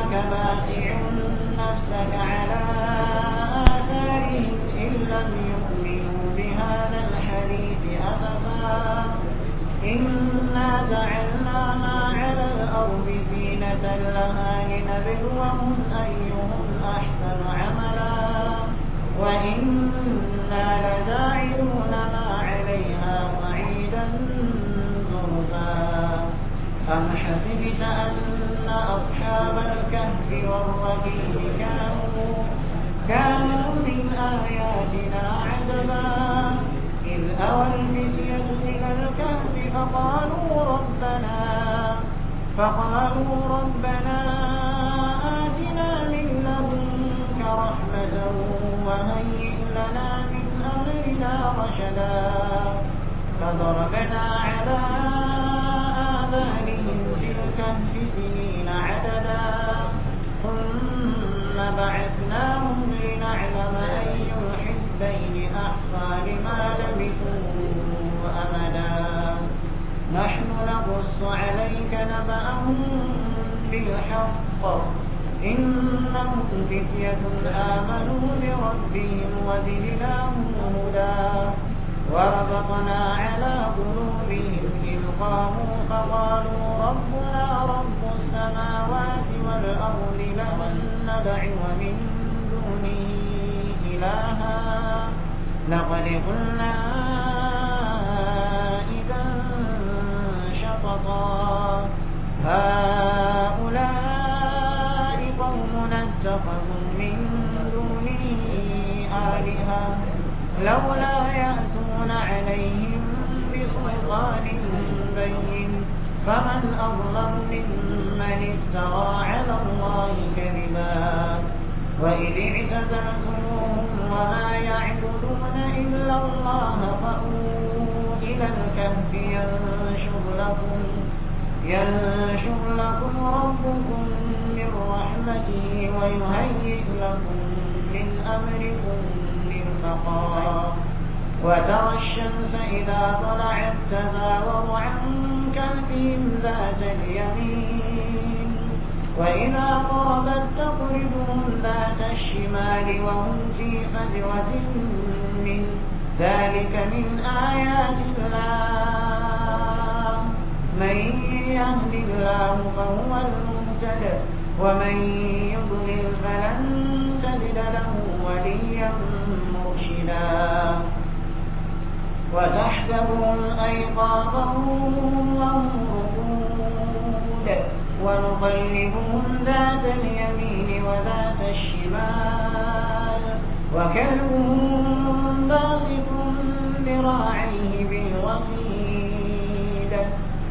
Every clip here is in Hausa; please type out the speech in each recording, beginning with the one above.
إِنَّكَ بَاخِعٌ نَّفْسَكَ عَلَىٰ آثَارِهِمْ إِن لَّمْ يُؤْمِنُوا بِهَٰذَا الْحَدِيثِ أَسَفًا إِنَّا جَعَلْنَا مَا عَلَى الْأَرْضِ زِينَةً لَّهَا لِنَبْلُوَهُمْ أَيُّهُمْ أَحْسَنُ عَمَلًا وَإِنَّا لَجَاعِلُونَ مَا عَلَيْهَا صَعِيدًا ذُرُبًا أم حسبت أن أصحاب الكهف والرقيم كانوا كانوا من آياتنا عجبا إذ أوى الفتية إلى الكهف فقالوا ربنا فقالوا ربنا آتنا من لدنك رحمة وهيئ لنا من أمرنا رشدا فضربنا على آذاننا في سنين عددا ثم بعثناهم لنعلم أي الحزبين أحصى لما لبثوا أمدا نحن نقص عليك نبأهم بالحق إنهم فتية آمنوا بربهم وزدناهم هدى وربطنا على قلوبهم فقاموا فقالوا ربنا رب السماوات والأرض لمن ندعو من دونه إلها لقد قلنا إذا شططا هؤلاء قومنا اتخذوا من دونه آلهة لولا افترى على الله كذبا وإذ اعتزلتموهم وما يعبدون إلا الله فأووا إلى الكهف ينشر لكم, ينشر لكم ربكم من رحمته ويهيئ لكم من أمركم مرفقا وترى الشمس إذا طلعت تزاور عن كهفهم ذات اليمين وإذا قربت تقرضهم ذات الشمال وهم في فجوة من ذلك من آيات الله من يهد الله فهو المهتد ومن يضلل فلن تجد له وليا مرشدا وتحسبهم أيقاظا وهم رقود ونقلبهم ذات اليمين وذات الشمال وكلبهم باسط ذراعيه بالوصيد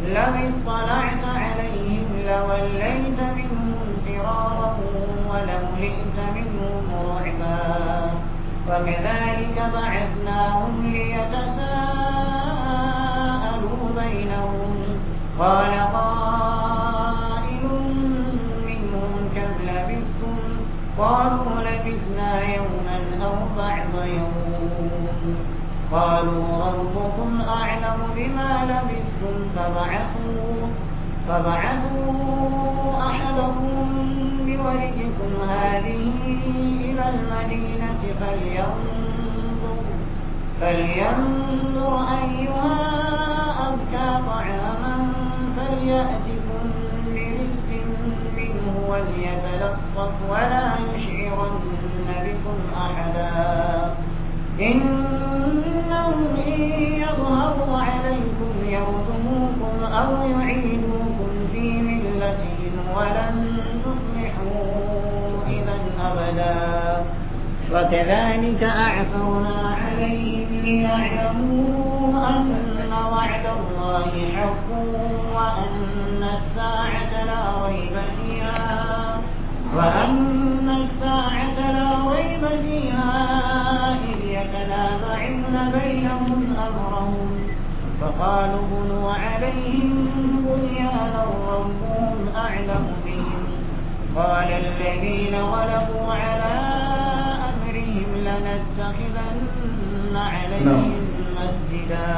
لو اطلعت عليهم لوليت منهم فرارا ولملئت منهم رعبا وكذلك بعثناهم ليتساءلوا بينهم قال قال قالوا لبثنا يوما أو بعض يوم قالوا ربكم أعلم بما لبثتم فبعثوا فبعثوا أحدهم بورقكم هذه إلى المدينة فلينظر فلينظر أيها أزكى طعاما فليأتي وليتلطف ولا يشعرن بكم أحدا إنهم إن يظهروا عليكم يرجموكم أو يعيدوكم في ملتهم ولن تفلحوا إذا أبدا وكذلك أعثرنا عليهم ليعلموا أن وعد الله حق وأن الساعة لا ريب فيها وأن الساعة لا ريب فيها إذ يتنازعون بينهم أمرهم فقالوا بنوا عليهم بنيانا ربهم أعلم بهم قال الذين غلبوا على أمرهم لنتخذن عليهم نعم. مسجدا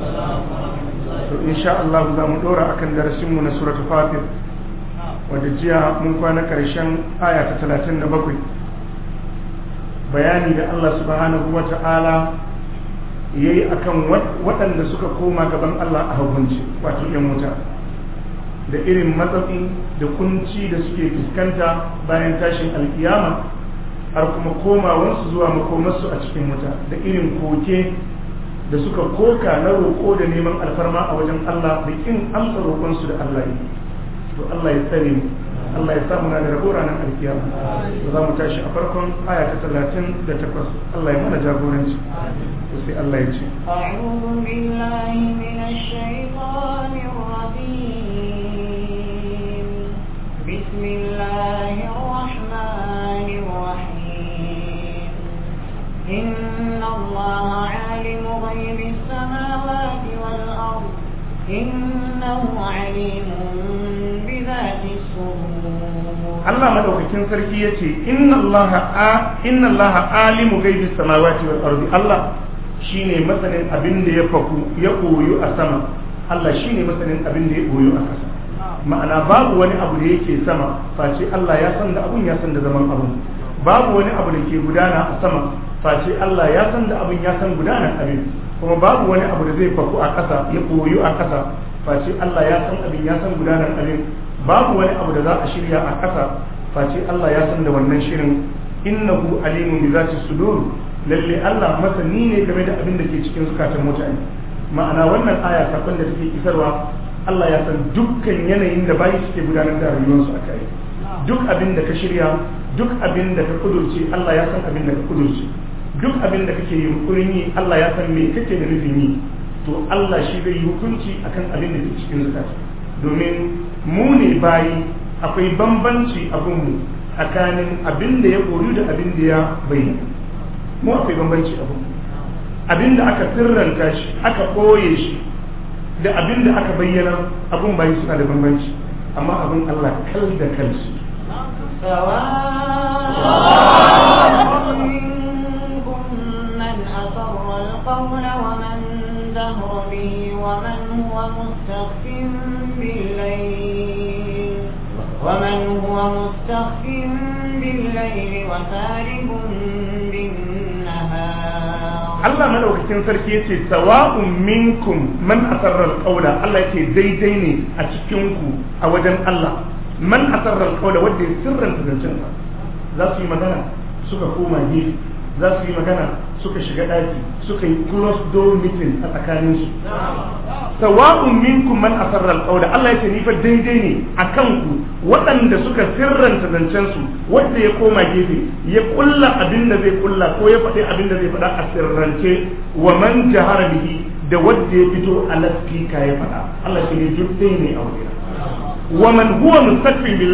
to insha Allah za mu dora akan darasinmu na suratul fatir wadda jiya mun kwana karshen aya ta 37 bayani da Allah subhanahu wa ta'ala ya akan waɗanda suka koma gaban Allah a hukunci wato yan wuta da irin matsafi da kunci da suke fuskanta bayan tashin alkiyama har kuma komawarsu zuwa makomarsu a cikin wuta da irin koke da suka koka na roƙo da neman alfarma a wajen Allah da kin amsa roƙonsu da Allah yi to Allah ya tsare mu Allah ya samu na da rabo ranar alkiyama to za mu tashi a farkon aya ta talatin da takwas Allah ya mana jagoranci to sai Allah ya ce a'udhu billahi minash shaitanir rajim bismillahir rahmanir rahim إن الله عالم غيب السماوات والأرض إنه عليم بذات الصدور sarki ya ce, inna إن alimu إن الله عالم غيب السماوات Allah shi ne masanin abin da ya faku ya koyo a sama Allah shi ne masanin abin da ya koyo a ƙasa ma'ana babu wani abu da yake sama face Allah ya san da abun ya san da zaman abun babu wani abu da ke gudana a sama face Allah ya san da abin ya san gudanar abin kuma babu wani abu da zai faku a ƙasa ya koyo a ƙasa face Allah ya san abin ya san gudanar abin babu wani abu da za a shirya a ƙasa face Allah ya san da wannan shirin innahu alimun bi zati sudur lalle Allah masani ne game da abin da ke cikin zukatan mutane ma'ana wannan aya sakon da take isarwa Allah ya san dukkan yanayin da bayi suke gudanar da rayuwarsu a kai duk abin da ka shirya duk abin da ka kudurce Allah ya san abin da ka kudurce duk abin da kake yunkurin yi Allah ya san me kake da nufin yi to Allah shi zai yi hukunci akan abin da ke cikin zakat domin mu ne bayi akwai bambanci a mu tsakanin abin da ya koyu da abin da ya bayyana mu akwai bambanci a mu abin da aka sirranta shi aka koye shi da abin da aka bayyana abin bayi suna da bambanci amma abin Allah kal da kansu القول ومن جهر به ومن هو مستخف بالليل ومن هو مستخف بالليل وسارب بالنهار الله ملوكتين sarki yace sawa'un minkum man asarra alqawla Allah yace daidai ne a cikin ku a wajen Allah man asarra alqawla wanda ya sirranta zancen za su yi magana suka koma gefe za su yi magana suka shiga ɗaki suka yi close door meeting a tsakanin su sawa'un minkum man asarra alqawla Allah yace ni fa daidai ne akan ku waɗanda suka sirranta zancen su wanda ya koma gefe ya kulla abin da zai kulla ko ya faɗi abin da zai faɗa a sirrance wa man jahara bihi da wanda ya fito a laspika ya faɗa Allah shi ne duk ne a wurin wa man huwa mustaqbil bil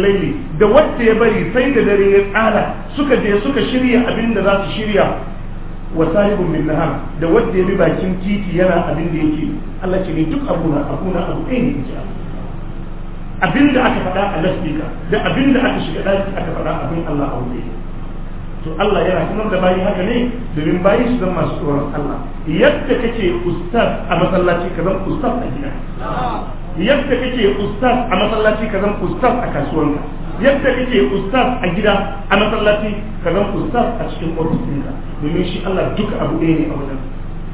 da wacce ya bari sai da dare ya tsara suka je suka shirya abin da za su shirya wa sahibun bin da wanda ya bi bakin titi yana abin da yake Allah ce ne duk abuna abuna abu ɗaya ne yake abin da aka faɗa a lasbika da abin aka shiga ɗaki aka Allah to Allah yana kuma da bayi haka ne domin bayi su zama masu tsoron Allah yadda kake ustaz a masallaci ka zama ustaz a gida yadda kake ustaz a masallaci ka zan ustaz a kasuwanka yadda kake ustaz a gida a masallaci ka zan ustaz a cikin ofis ɗinka domin shi Allah duka abu ɗaya ne a wajen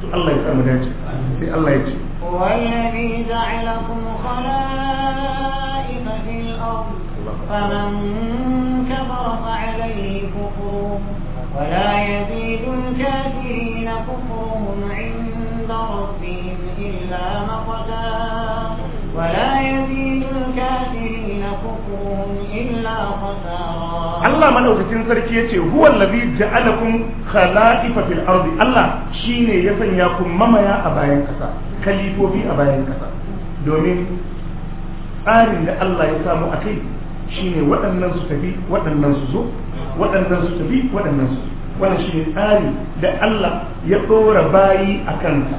to Allah ya samu dace sai Allah ya ce والذي جعلكم خلائف في الأرض فمن كفر فعليه كفره ولا يزيد الكافرين كفرهم عند ربهم إلا مقتا ولا يزيد الكافرين كفرهم إلا خسارا الله ما لو كتن سركي هو الذي جعلكم خلائف في الأرض الله ya sanya ياكم mamaya a bayan كسا kalifofi a bayan كسا Domin tsarin da Allah ya samu a kai shine waɗannan su tafi waɗannan su zo waɗannan su tafi waɗannan su wannan shine tsari da Allah ya ɗora bayi a kansa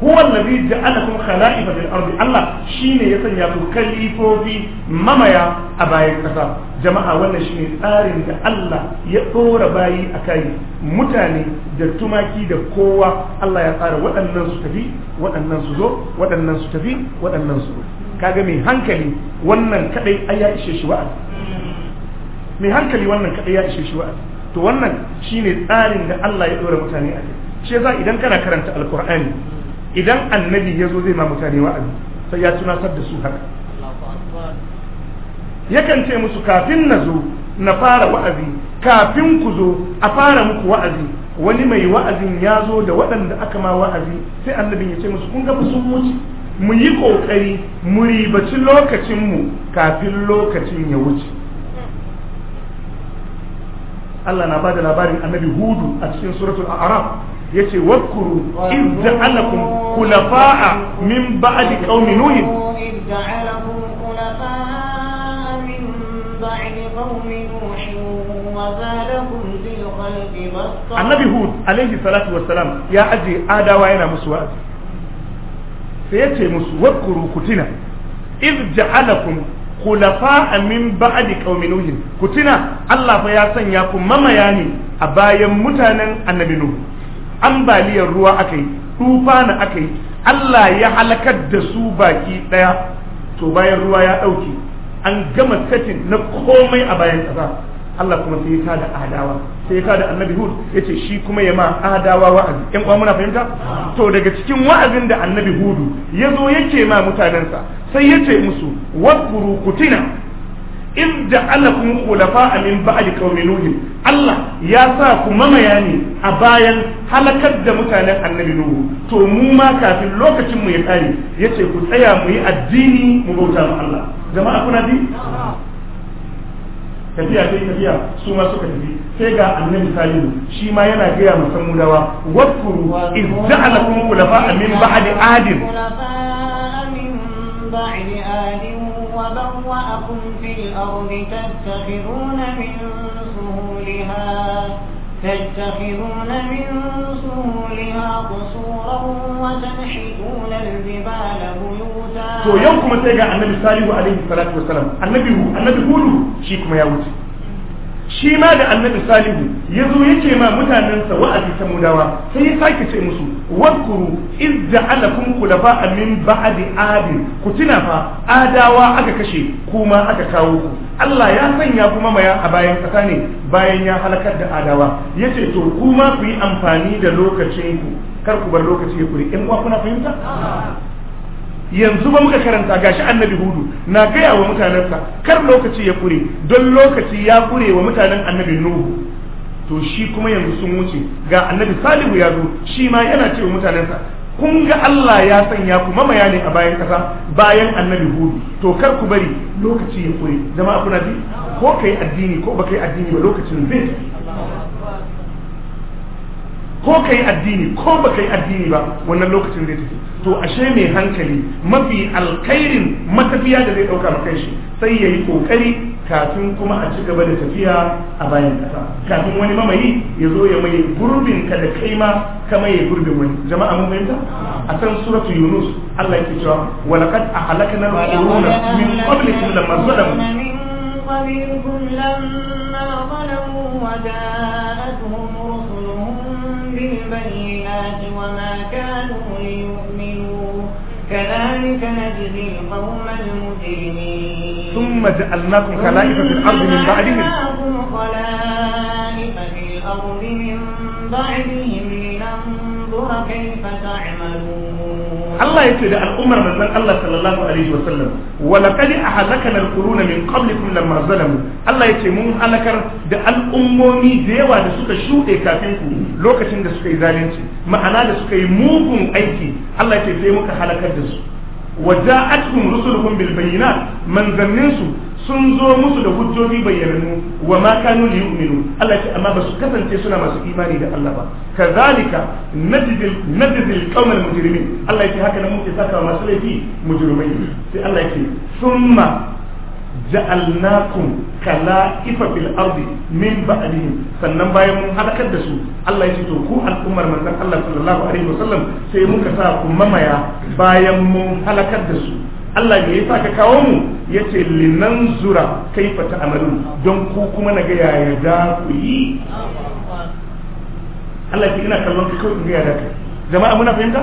huwa allazi ja'alakum khala'ifa fil ardi Allah shine ya sanya ku kalifofi mamaya a bayan kasa jama'a wannan shine tsarin da Allah ya tsora bayi akai mutane da tumaki da kowa Allah ya tsara waɗannan su tafi waɗannan su zo waɗannan su tafi waɗannan su kaga mai hankali wannan kadai ai ya ishe shi wa'azi hankali wannan kadai ya ishe shi to wannan shine tsarin da Allah ya dora mutane a shi yasa idan kana karanta alqur'ani idan annabi ya zo zai ma mutane wa'azi sai ya tunatar da su haka yakan ce musu kafin na zo na fara wa'azi kafin ku zo a fara muku wa'azi wani mai wa'azin ya zo da waɗanda aka ma wa'azi sai annabin ya ce musu kun ga sun wuce mu yi ƙoƙari mu ribaci lokacinmu kafin lokacin ya wuce Allah na ba da labarin annabi hudu a cikin suratul a'raf yace wakuru in ja'alakum khulafa'a min ba'di qaumi nuh annabi hud alaihi salatu wassalam ya aje adawa yana musu wa'azi sai yace musu wakuru kutina in ja'alakum khulafa'a min ba'di qaumi nuh kutina Allah fa ya sanya ku mamaya ne a bayan mutanen annabi nuh ambaliyar ruwa aka yi tufana aka yi Allah ya halakar da su baki ɗaya to bayan ruwa ya ɗauke an gama setin na komai a bayan ƙasa Allah kuma sai ya tada adawa sai ya tada annabi hud ya ce shi kuma ya ma adawa wa'azi ƴan uwa muna fahimta to daga cikin wa'azin da annabi hudu ya zo yake ma mutanensa sai ya ce musu wakuru kutina in ja'alakum khulafa min ba'di qaumi nuh Allah ya sa ku mamaya ne a bayan halakar da mutanen annabi nuhu to mu ma kafin lokacin mu ya kare ce ku tsaya mu yi addini mu bauta ma Allah jama'a kuna bi tafiya sai tafiya su ma suka tafi sai ga annabi salihu shi ma yana gaya ma mudawa wadkuru iz ja'alakum khulafa min ba'di adin min ba'di adin وَبَوَّأَكُمْ فِي الْأَرْضِ تَتَّخِذُونَ مِن سُهُولِهَا تتخذون من سهولها قصورا وتنحتون الجبال بيوتا. تو يومكم كما تيجا النبي صلى الله عليه وسلم النبي هو النبي هو شيكم يا وجه shi ma da annabi salihu ya zo ya ce ma mutanensa wa'azi ta mudawa sai ya sake ce musu ala iz ja'alakum khulafa min ba'di adi, ku tuna fa adawa aka kashe kuma aka kawo ku Allah ya sanya kuma maya a bayan kasa ne bayan ya halakar da adawa ya ce to kuma ku yi amfani da lokacin kar ku bar lokaci ya ku in kuna fahimta yanzu ba muka karanta gashi annabi hudu na gaya wa mutanensa kar lokaci ya kure don lokaci ya kure wa mutanen annabi nuhu to shi kuma yanzu sun wuce ga annabi salihu ya zo shi ma yana ce wa mutanensa kun ga Allah ya sanya ku mamaya ne a bayan kasa bayan annabi hudu to kar ku bari lokaci ya kure jama'a kuna ji ko kai addini ko ba kai addini ba lokacin zai ko ka yi addini ko ba ka yi addini ba wannan lokacin zai tafi to ashe mai hankali mafi alkairin matafiya da zai ɗauka ma shi sai ya yi ƙoƙari kafin kuma a ci gaba da tafiya a bayan ƙasa kafin wani mamayi ya zo ya mai gurbin ka da kai ma ka maye gurbin wani jama'a mun fahimta a san suratu yunus Allah yake cewa walaqad ahlakna al-quruna min qablikum lamma zalamu بالبينات وما كانوا ليؤمنوا كذلك نجزي القوم المجرمين ثم جعلناكم خلائف في الأرض من بعدهم ثم خلائف في الأرض من بعدهم لننظر كيف تعملون Allah ya ce da al'ummar manzon Allah sallallahu alaihi wa sallam wa laqad ahlakana al-quruna min qablikum lamma zalamu Allah ya ce mun halakar da al'ummomi da yawa da suka shuɗe kafin ku lokacin da suka yi zalunci ma'ana da suka yi mugun aiki Allah ya ce sai muka halakar da su wa ja'atuhum rusuluhum bil bayyinat manzanninsu sun zo musu da hujjoji bayyanannu wa ma kanu li yu'minu Allah ce amma ba su kasance suna masu imani da Allah ba kazalika najzil najzil qaumal mujrimin Allah ya ce haka nan muke saka masu laifi mujrimai sai Allah ya ce summa ja'alnakum kala'ifa fil ardi min ba'dihim sannan bayan mun halakar da su Allah ya ce to ku al'ummar manzon Allah sallallahu alaihi wasallam sai muka sa ku mamaya bayan mun halakar da su Allah ne ya sa ka kawo mu ya ce linan zura kai fata amalin don ku kuma na gaya ya za ku yi Allah ke ina kallon ka kawai gaya da kai jama'a muna fahimta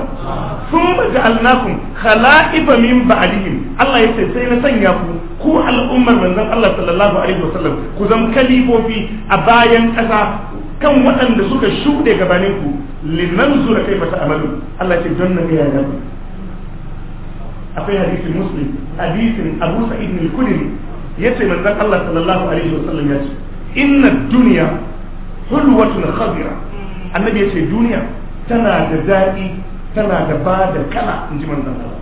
sun ba ja'alnakum khala'iba min ba'dihim Allah ya ce sai na sanya ku ku al'ummar manzon Allah sallallahu alaihi wasallam ku zam kalifofi a bayan kasa kan waɗanda suka shuɗe gabanin ku linan zura kai fata amalin Allah ce don na gaya da ku akwai hadisin muslim hadisin abu sa'id al kudri yace manzon Allah sallallahu alaihi wasallam yace inna dunya hulwatun khadira annabi yace duniya tana da daɗi tana da ba da kala in ji manzon Allah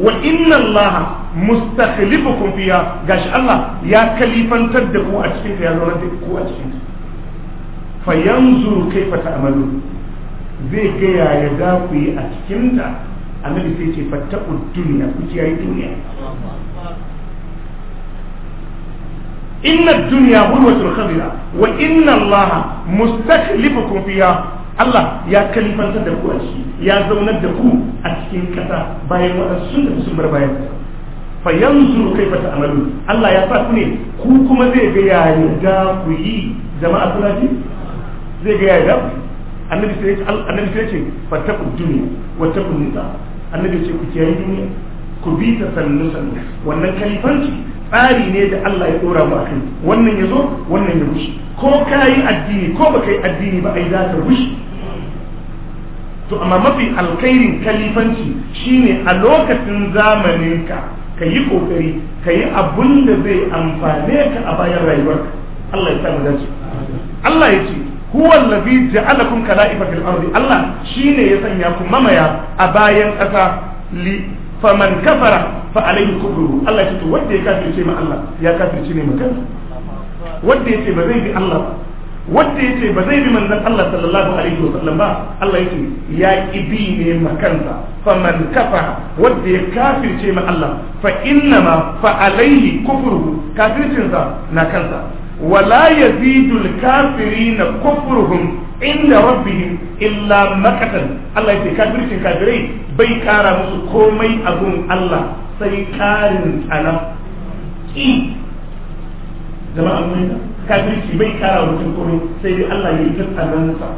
wa inna Allah mustakhlifukum fiha gashi Allah ya kalifantar da ku a cikin ta ya zauna da ku a cikin fa yanzuru kaifa ta'malu zai ga yaya za ku yi a cikin ta annabi sai ce fattaku duniya ku kiyaye duniya inna duniya hulwatul khabira wa inna allaha mustakhlifukum fiha Allah ya kalifantar da ku a ciki ya zaunar da ku a cikin kasa bayan waɗansu da sun bar bayan kasa fa yanzu kai fa ta'malu Allah ya sa ku ne ku kuma zai ga ya ga ku yi jama'a kuna ji zai ga ya ga annabi sai annabi sai ce fattaku duniya wattaku nisa annabi ce ku kiyaye duniya ku bi ta sannu sannu wannan kalifanci tsari ne da Allah ya dora mu akai wannan ya zo wannan ya rushe ko kayi addini ko baka yi addini ba ai za ka rushe to amma mafi alkhairin kalifanci shine a lokacin zamaninka ka yi kokari ka yi abun da zai amfane ka a bayan rayuwarka Allah ya sa mu dace Allah ya ce huwa allazi ja'alakum khala'ifa fil ardi Allah ne ya sanya ku mamaya a bayan ƙasa li faman kafara fa alayhi kufru Allah ya ce wanda ya kafirce ma Allah ya kafirce ne mutum wanda ya ce ba zai bi Allah ba wanda ya ce ba zai bi manzon Allah sallallahu alaihi wa sallam ba Allah ya ce ya ibi ne makansa faman ya ma Allah fa kafircinsa na kansa ولا يزيد الكافرين كفرهم عند ربهم إلا مقتا الله يتي كافرين كافرين بي كارا مسكومي أبون الله سي كارن أنا إي جماعة أمينة كافرين بي كارا مسكومي سي الله يتسألنسا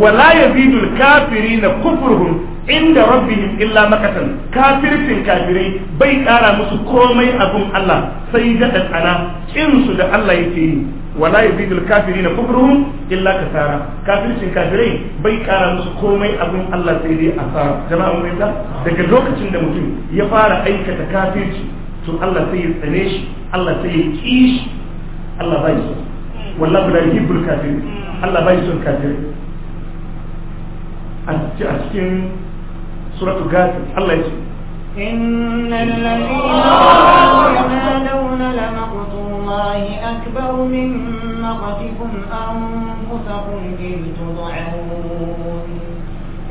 ولا يزيد الكافرين كفرهم inda rabbihim illa makatan kafircin kafirai bai kara musu komai abun Allah sai da tsana kin su da Allah yake yi wala yazidul kafirina kufruhum illa kasara kafircin kafirai bai kara musu komai abun Allah sai dai asara jama'a mun daga lokacin da mutum ya fara aikata kafirci to Allah sai ya tsane shi Allah sai ya ki shi Allah bai so wallahi la yuhibbul kafirin Allah bai son kafirai a cikin suratul ghafir Allah ya ce innal ladina ya'maluna akbar min maqtikum anfusakum in tud'un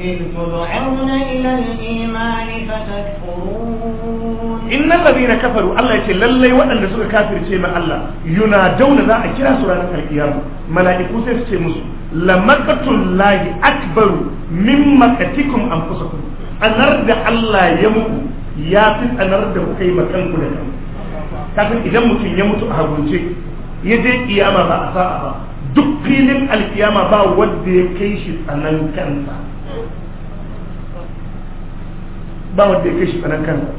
إذ تدعون إلى الإيمان فتكفرون إن الذين كفروا الله يقول للي وأن رسول كافر شيء الله ينادون ذا أكرا سورة القيامة ملائكة سيسمس لمقت الله أكبر من مقتكم أنفسكم tsanar da Allah ya muku ya fi tsanar da kuka yi makanku da kanku kafin idan mutum ya mutu a hagunce ya je kiyama ba a sa'a ba duk filin alkiyama ba wanda ya kai shi tsanan kansa ba wanda ya kai shi tsanan kansa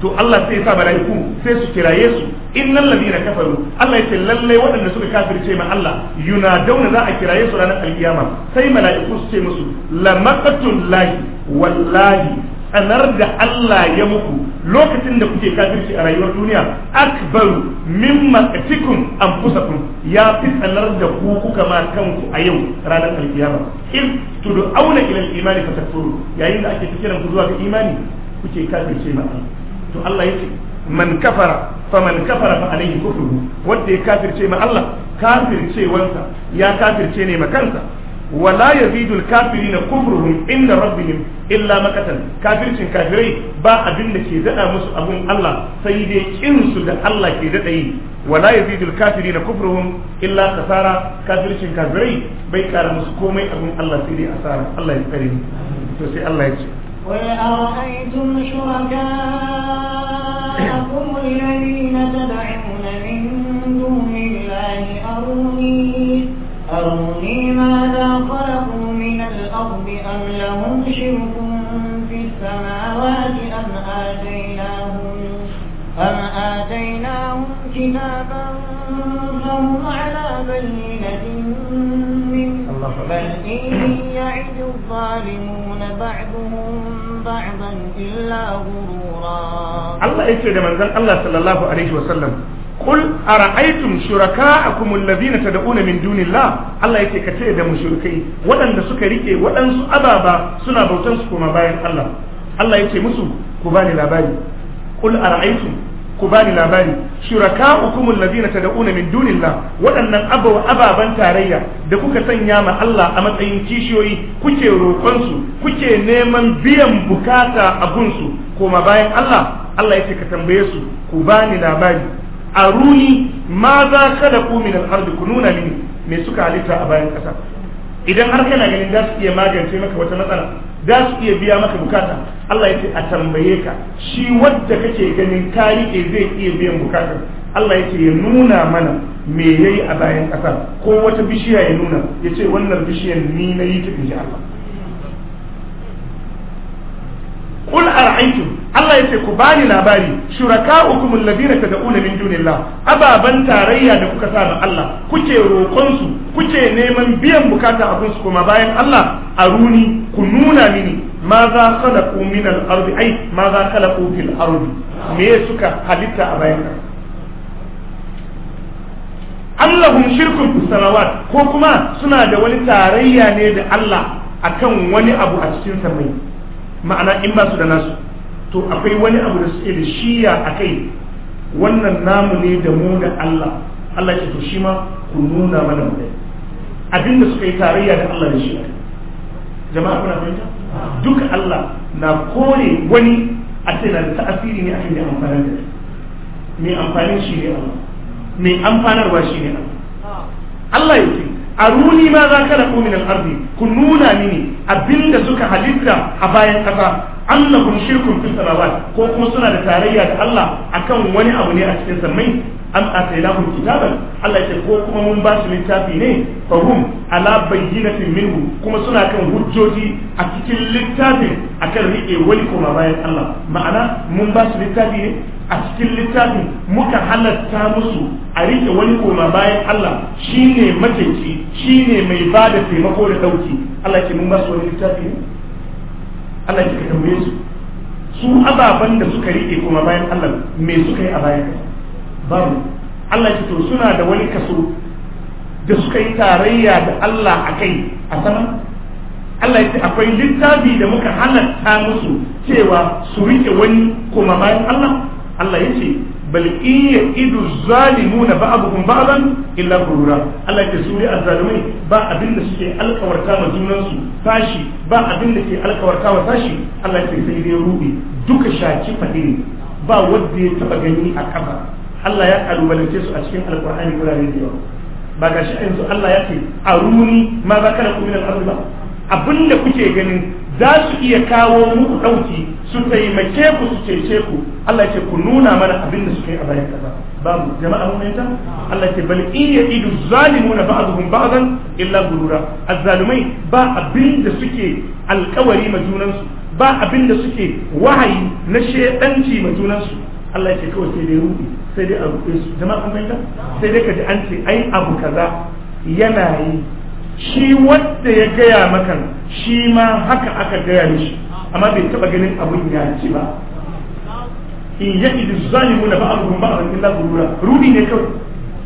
to Allah sai ya sa mala'iku sai su kiraye su innal ladina kafaru Allah yace lalle waɗanda suka kafirce ma Allah yunadawna za a kiraye su ranar alkiyama sai mala'iku su ce musu lamaqatul lahi wallahi tsanar da Allah ya muku lokacin da kuke kafirci a rayuwar duniya akbaru min maqatikum anfusakum ya fi tsanar da ku kuka ma kanku a yau ranar alkiyama in tud'auna ila al-imani fatakfuru yayin da ake kiran ku zuwa ga imani kuke kafirce ma Allah to Allah yace man kafara man kafara fa alaihi kufruhu wanda ya kafirce ma Allah kafircewansa ya kafirce ne ma kansa wala yazidu alkafirina kufruhum inda rabbihim illa makatan kafircin kafirai ba abin da ke dada musu abun Allah sai dai kin su da Allah ke dada yi wala yazidu alkafirina kufruhum illa kasara kafircin kafirai bai kara musu komai abun Allah sai dai asara Allah ya tsare to sai Allah ya ce قل أرأيتم شركاءكم الذين تدعون من دون الله أروني, أروني ماذا خلقوا من الأرض أم لهم شرك في السماوات أم آتيناهم, أم آتيناهم كتابا فهم على بينة بل يعد الظالمون بعضهم بعضا إلا غرورا الله يسير من ذن الله صلى الله عليه وسلم قل أرأيتم شركاءكم الذين تدعون من دون الله الله yake kace da mushrikai waɗanda suka riƙe waɗansu ababa suna bautan su kuma bayan Allah Allah yake musu ku bani labari qul ku bani labari shuraka'ukum alladhina tad'una min dunillah waɗannan ababan tarayya da kuka sanya ma Allah a matsayin kishiyoyi kuke roƙon su kuke neman biyan bukata a gunsu koma bayan Allah Allah ya ce ka tambaye su ku bani labari aruni ma za kada ku min al-ardi kununa mini me suka halitta a bayan ƙasa idan har kana ganin za su iya magance maka wata matsala za su iya biya maka bukata Allah ya ce a tambaye ka shi wadda kake ganin ka riƙe zai iya biyan bukatar Allah ya ce ya nuna mana me ya yi a bayan ƙasa ko wata bishiya ya nuna ya ce wannan bishiyar ni na yi ta Allah قل aikin Allah ya ce ku bani labari shuraka'ukum alladhina tad'una min dunillah ababan tarayya da kuka sa Allah kuke roƙon su kuke neman biyan bukata a gunsu kuma bayan Allah aruni ku nuna mini ma za khalaqu min al-ardi ay ma za khalaqu fil ardi me suka halitta a bayan hum shirkun fis ko kuma suna da wani tarayya ne da Allah akan wani abu a cikin samai ma'ana in ba su da nasu to akwai wani abu da suke da shiya a kai wannan namu ne da mu da Allah Allah ce to shi ma ku nuna mana mu abinda suka yi tarayya da Allah da shi jama'a kuna fahimta duka Allah na kore wani a ce na da ta'asiri ne akan da amfanar da mai amfanin shi ne Allah mai amfanarwa shi ne Allah Allah ya ce aruni ma za ka laƙo min al ku nuna mini abinda suka halitta a bayan kasa annahum shirkun fil samawat ko kuma suna da tarayya da Allah akan wani abu ne a cikin samai am atainahum kitaban Allah ce ko kuma mun ba su littafi ne fahum ala bayyinatin minhu kuma suna kan hujjoji a cikin littafin akan rike wani koma bayan Allah ma'ana mun ba su littafi ne a cikin littafin muka halatta musu a rike wani koma bayan Allah shi ne shine shi ne mai ba da taimako da dauki Allah ke mun ba su wani littafi ne Allah ke tambaye su su ababen da suka rike koma bayan Allah me suka yi a bayan babu Allah ke to suna da wani kaso da suka yi tarayya da Allah a kai a sama Allah ya ce akwai littafi da muka halatta musu cewa su rike wani koma bayan Allah Allah yace bal in yaqidu zalimuna ba'dhum ba'dan illa ghurura Allah yace su ne azzalumai ba abin da suke alkawarta ma junan su tashi ba abin da ke alkawarta wa tashi Allah yace sai dai rubi duka shaki fadi ne ba wanda ya taba gani a kafa Allah ya kalubalance su a cikin alqur'ani gurare da yawa ba ga shi yanzu Allah ya ce aruni ma za ka da kuminan arzu ba abinda kuke ganin za su iya kawo muku ɗauki su taimake ku su cece ku Allah ce ku nuna mana abin da suka yi a bayan kaza babu jama'a mun yanta Allah ce bal in ya'idu zalimuna ba'dhum ba'dan illa gurura azzalumai ba abin da suke alkawari ma junansu ba abin da suke wahayi na shedanci ma junansu Allah ce kawai sai dai rubi sai dai a rufe su jama'a mun yanta sai dai ka ji an ce ai abu kaza yana yi shi wanda ya gaya maka shi ma haka aka gaya mishi amma bai taba ganin abun ya ci ba in yaji zalimuna ba'dhum ba'dhan illa gurura rudi ne kawai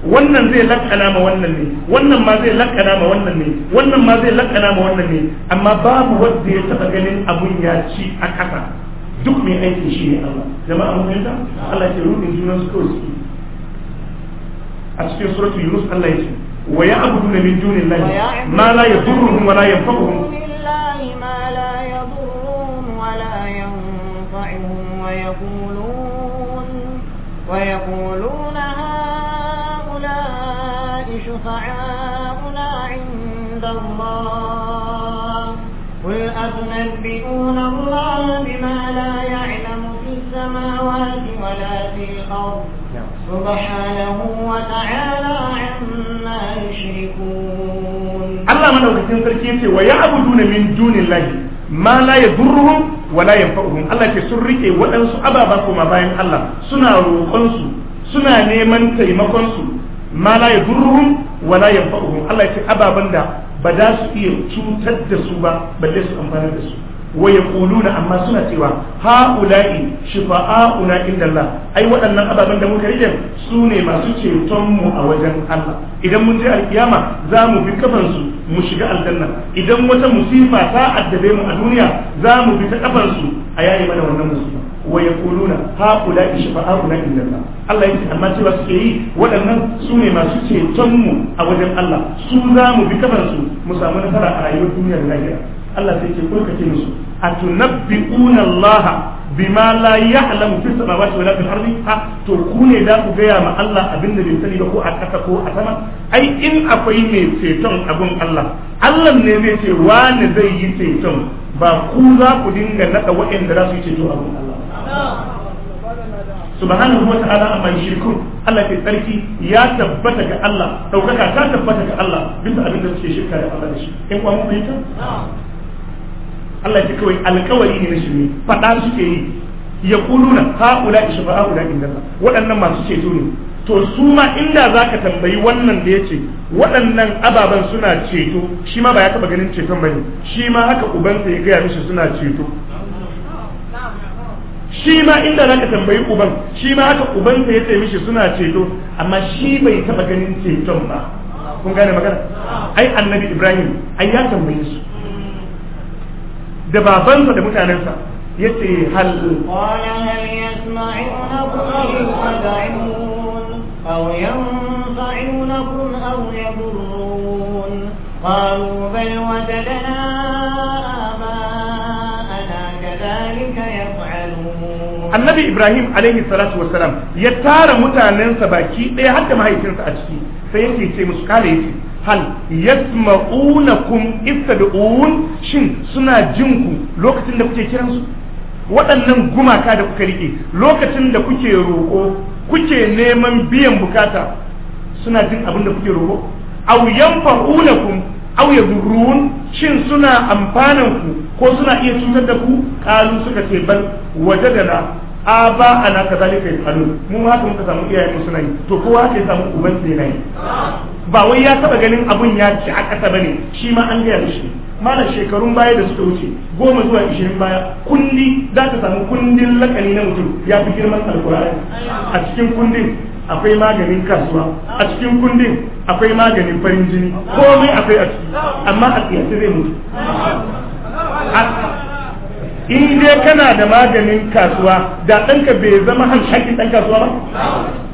wannan zai lakana ma wannan ne wannan ma zai lakana ma wannan ne wannan ma zai lakana ma wannan ne amma babu wanda ya taba ganin abun ya ci a kasa duk mai aiki shi ne Allah jama'a mun yanda Allah ke rubin junan su kawai a cikin suratul yunus Allah ya ce ويعبدون من دون الله ما لا يضرهم ولا ينفعهم ما لا ولا ينفعهم ويقولون ويقولون هؤلاء شفعاؤنا عند الله قل أتنبئون الله بما لا يعلم في السماوات ولا في الأرض نعم. سبحانه وتعالى madaukakin sarki yace wa ya'buduna min dunillahi ma la yadurruhum wa la yanfa'uhum Allah ke sun rike waɗansu ababa kuma bayan Allah suna roƙon suna neman taimakonsu su ma la yadurruhum wa la yanfa'uhum Allah ke ababan da ba za su iya cutar da su ba balle su amfana da su wa yaquluna amma suna cewa haula'i shifa'auna inda Allah ai waɗannan ababen da muka rike su ne masu ceton mu a wajen Allah idan mun je alkiyama za mu bi kafan mu shiga aljanna idan wata musifa ta addabe mu a duniya za mu bi ta kafan a yayi mana wannan musifa wa yaquluna haula'i shifa'auna inda Allah Allah yake amma cewa suke yi waɗannan su ne masu ceton mu a wajen Allah su zamu bi kafansu mu samu nasara a rayuwar duniyar lahira Allah sai ce kulka ce musu atunabbi'una Allah bima la ya'lamu fi samawati wala fil ardi ha to ku ne da ku gaya ma Allah abin da bai sani ba ko a kasa ko a sama ai in akwai mai ceton abun Allah Allah ne zai ce wani zai yi ceton ba ku za ku dinga nada waɗanda za su yi ceto abun Allah subhanahu wa ta'ala amma yushrikun Allah ke tsarki ya tabbata ga Allah daukaka ta tabbata ga Allah bisa abin da suke shirka da Allah da shi in kuma mun fahimta Allah ce kawai alkawari ne na shi ne. faɗa suke yi ya kuluna ha'ula ishfa'a'ula inda Allah waɗannan masu ceto ne to su ma inda za ka tambayi wannan da ya ce waɗannan ababen suna ceto shi ma ba ya taɓa ganin ceton ba ne shi ma haka ubansa ya gaya mishi suna ceto shi ma inda za ka tambayi uban shi ma haka ubansa ya ce mishi suna ceto amma shi bai taɓa ganin ceton ba kun gane magana ai annabi ibrahim ai ya tambaye su da babansa da mutanensa ya ce hal annabi ibrahim alaihi salatu wasalam ya tara mutanensa baki ɗaya har da mahaifinsa a ciki sai yake ce musu kare yake hal yasma'unakum istad'un shin suna jin lokacin da kuke kiransu waɗannan gumaka da kuka rike lokacin da kuke roƙo kuke neman biyan bukata suna jin abin da kuke roƙo aw yanfa'unakum aw yadurrun shin suna amfanan ku ko suna iya cutar da ku kalu suka ce bal wajadana aba ana kazalika yasalun mu haka muka samu iyayen mu suna yi to kowa ke samu uban sai nan ba wai ya taba ganin abun ya ci a kasa bane shi ma an gaya shi malam shekarun baya da suka wuce goma zuwa ishirin baya kundi za ta samu kundin lakani na mutum ya fi girman alkur'ani a cikin kundin akwai maganin kasuwa a cikin kundin akwai maganin farin jini komai akwai a ciki amma a tsiyace zai mutu in dai kana da maganin kasuwa da ɗanka bai zama hanshakin ɗan kasuwa ba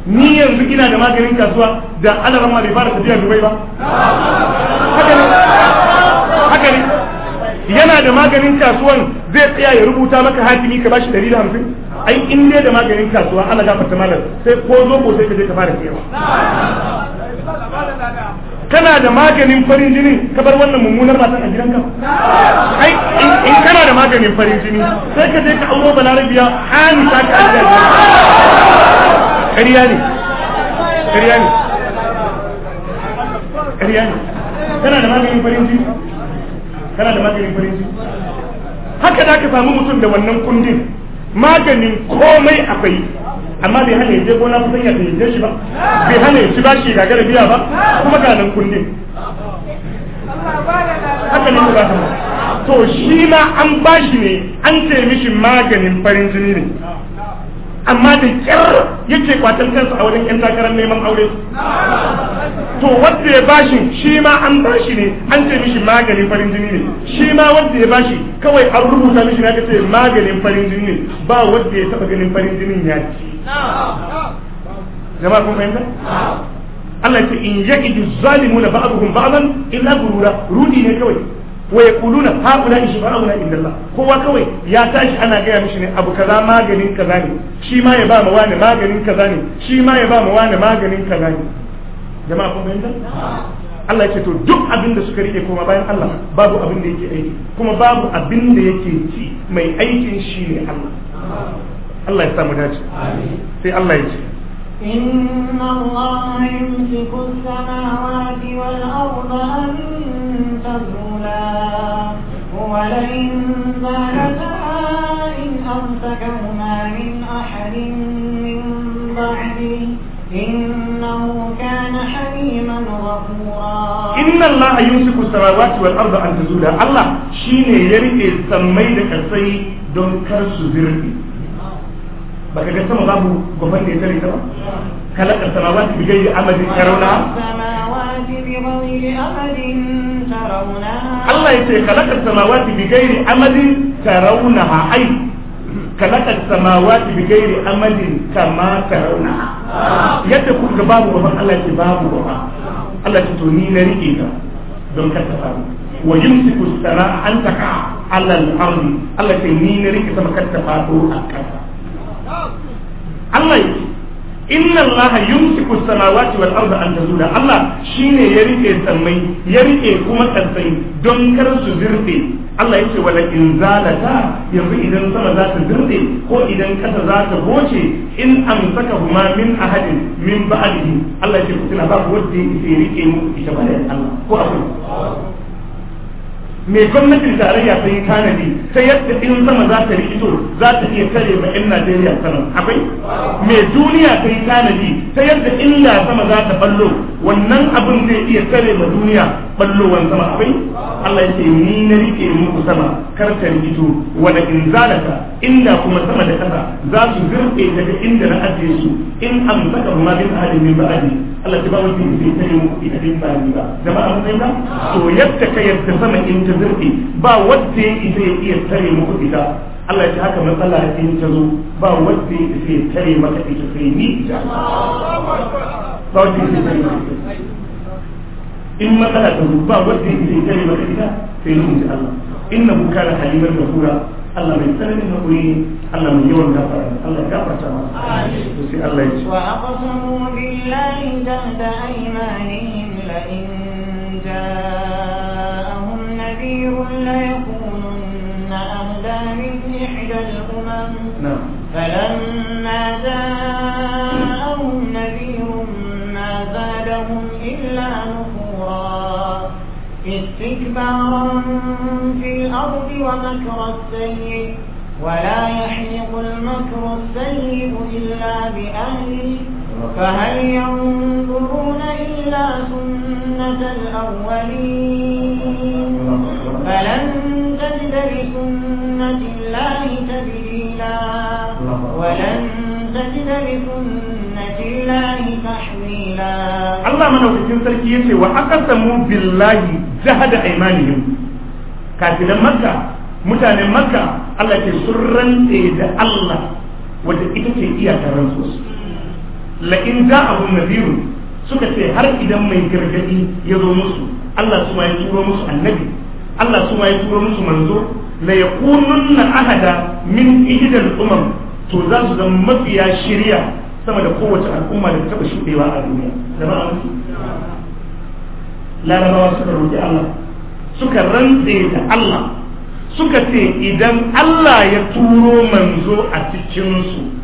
ni yanzu ina da maganin kasuwa da alaran ma bai fara tafiya dubai ba haka ne haka ne yana da maganin kasuwan zai tsaya ya rubuta maka hakimi ka bashi ɗari da hamsin ai in dai da maganin kasuwa ana gafarta malam sai ko zo ko sai ka je ka fara siyarwa kana da maganin farin jini ka bar wannan mummunar matan a gidanka ai in kana da maganin farin jini sai ka je ka auro balarabiya ani ta ka ajiya kariya ne kariya ne kariya ne kana da maganin farin jini kana da maganin farin jini haka da ka samu mutum da wannan kundin maganin komai akwai amma bai hana je gona kusan ya tunje shi ba bai hana shi ba shi gagara biya ba kuma ga nan kundin haka ne ba to shi ma an bashi ne an ce mishi maganin farin jini ne amma da kyar yake kwatan kansa a wajen yan takarar neman aure to wanda ya bashi shi ma an bashi ne an ce mishi maganin farin jini ne shi ma wanda ya bashi kawai an rubuta mishi na ce maganin farin jini ne ba wanda ya taba ganin farin jinin ya ci jama'a kun fahimta Allah ce in yaqidu zalimuna na ba'dan illa ghurura rudi ne kawai wa ya kuluna yaquluna haula ishfa'una illallah kowa kawai ya tashi ana gaya mishi ne abu kaza maganin kaza ne shi ma ya ba ma wani maganin kaza ne shi ma ya ba ma wani maganin kaza ne jama'a kun fahimta Allah ya ce to duk abin da suka rike kuma bayan Allah babu abin da yake aiki kuma babu abin da yake ci mai aikin shi ne Allah Allah ya samu dace sai Allah ya ce إن الله يمسك السماوات والأرض أن تزولا ولئن زالتا إن أمسكهما من أحد من بعده إنه كان حليما غفورا إن الله يمسك السماوات والأرض أن تزولا الله شيني يرئي السمي لكسي دون كرس زرقي ba ga sama babu gufan da ya tare ta ba kalaka samawati bi gairi Allah samawati bi gairi amadin tarawna ai kalaka samawati bi gairi amadin kama yadda kuka babu gufan Allah ya babu gufan Allah ya to ni na rike ka don kar ta faru ويمسك السماء أن تقع على الأرض الله تنين ريك سمكت فاتو Allah yake inna Allah yumsiku samawati wal arda an tazula Allah shine ya rike sammai ya rike kuma kansai don kar su zirbe Allah yake wala in zalata yanzu idan sama za ta zirbe ko idan kasa za ta goce in saka huma min ahadin min ba'dihi Allah yake kuna ba ku wanda yake rike mu ita bayan Allah ko akwai mai gwamnatin tarayya sun yi tanadi ta yadda in sama za ta rikito za ta iya tare ma 'yan Najeriya sanan akwai mai duniya ta yi tanadi ta yadda da sama za ta ballo wannan abin zai iya tare ma duniya ballowan sama akwai Allah ya ce ni na rike muku sama kar ta rikito wanda in zalaka illa kuma sama da kasa za su zirke daga inda na ajiye su in amsaka ma bin ahadin min ba'adi Allah ta ba mu bin sai mu kuɗi da bin ba ni ba jama'a mun fahimta to yadda ka yadda sama in ta zurfi ba wanda ya isa ya iya tare mu kuɗi ta Allah ya haka matsala in ta zo ba wanda ya isa ya tare maka ita sai ni ba wanda ya isa in matsala ta ba wanda ya isa ya tare maka ita sai ni Allah innahu kana halimar ghafura Allah mai tsananin haƙuri Allah mai yawan gafara Allah ya gafarta mana to sai Allah ya ce wa aqsamu billahi jahda aymanihim la in ja'ahum nadhirun la yakununna ahda min ihda al-umam falamma jaa استكبارا في الأرض ومكر السيء ولا يحيق المكر السيء إلا بأهله فهل ينظرون إلا سنة الأولين فلن تجد لسنة الله تبديلا ولن تجد لسنة lillahi tahmila Allah madaukakin sarki yace wa aqsamu billahi jahada aymanihim kafiran makka mutanen makka Allah ke sun da Allah wanda ita ce iyakar rantsu la in ja'ahum nadhirun suka ce har idan mai gargadi ya zo musu Allah su ya turo musu annabi Allah su ya turo musu manzo la yakununna ahada min ihdal umam to za su zama mafiya shirya sama da kowace al'umma da taɓa shuɗewa a duniya jama'a larabawa suka roƙi Allah suka rantse da Allah suka ce idan Allah ya turo manzo a cikinsu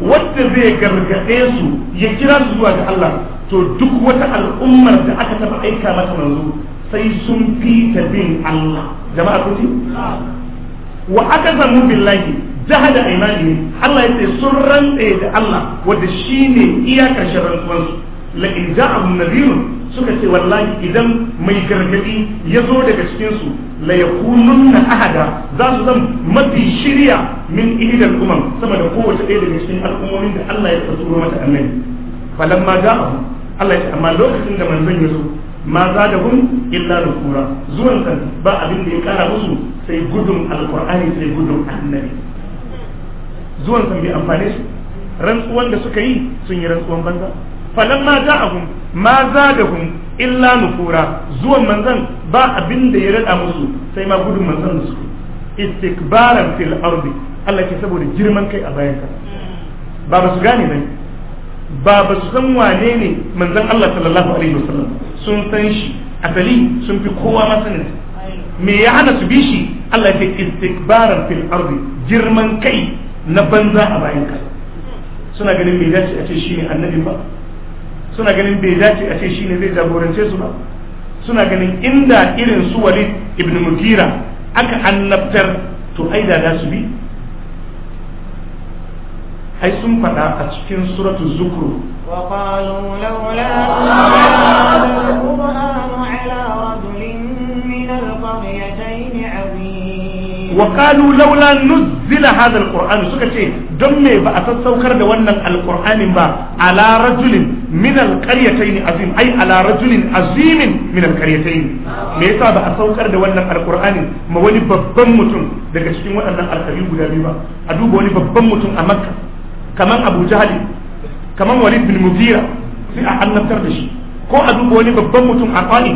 wadda zai gargaɗe su ya kira su zuwa ga Allah to duk wata al'ummar da aka taɓa aika mata manzo sai sun fi ta bin Allah jama'a kuti wa aka zamu billahi jahada imani Allah ya ce sun rantse da Allah wanda shine iyakar sharantuwan su la in ja'ahum nadhirun suka ce wallahi idan mai gargadi ya zo daga cikin su la yakununna ahada za su zama mafi shirya min ihdal umam sama kowace ɗaya daga cikin al'ummomin da Allah ya tsoro mata annabi falamma ja'ahum Allah ya ce amma lokacin da manzon ya zo ma za da hun illa nufura zuwan kan ba abin da ya kara musu sai gudun alkur'ani sai gudun annabi zuwan san bi amfane su rantsuwan da suka yi sun yi rantsuwan banza falamma ja'ahum ma za hun illa nufura zuwan manzan ba abin da ya rada musu sai ma gudun manzan su istikbaran fil ardi Allah ke saboda girman kai a bayan ka ba ba su gane bane ba ba su san wane ne manzon Allah sallallahu alaihi wasallam sun san shi asali sun fi kowa ma sanin me ya hana su bi shi Allah ya ce istikbaran fil ardi girman kai na banza a bayan ka suna ganin bai dace a ce shi ne annabin ba suna ganin bai dace a ce shi ne zai jagorance su ba suna ganin inda irin su Walid ibn Mugira aka annabtar to ai da da su bi ai sun faɗa a cikin suratu zukru وقالوا لولا وقالوا لولا نزل unzila hadha alquran suka ce don me ba a sassaukar da wannan alqur'anin ba ala rajulin min alqaryatayn azim ai ala rajulin azimin min alqaryatayn me yasa ba a saukar da wannan alqur'anin ma wani babban mutum daga cikin waɗannan alqaryun guda biyu ba a duba wani babban mutum a makka kaman abu jahali kaman walid bin mughira sai a annabtar da shi ko a duba wani babban mutum a kwani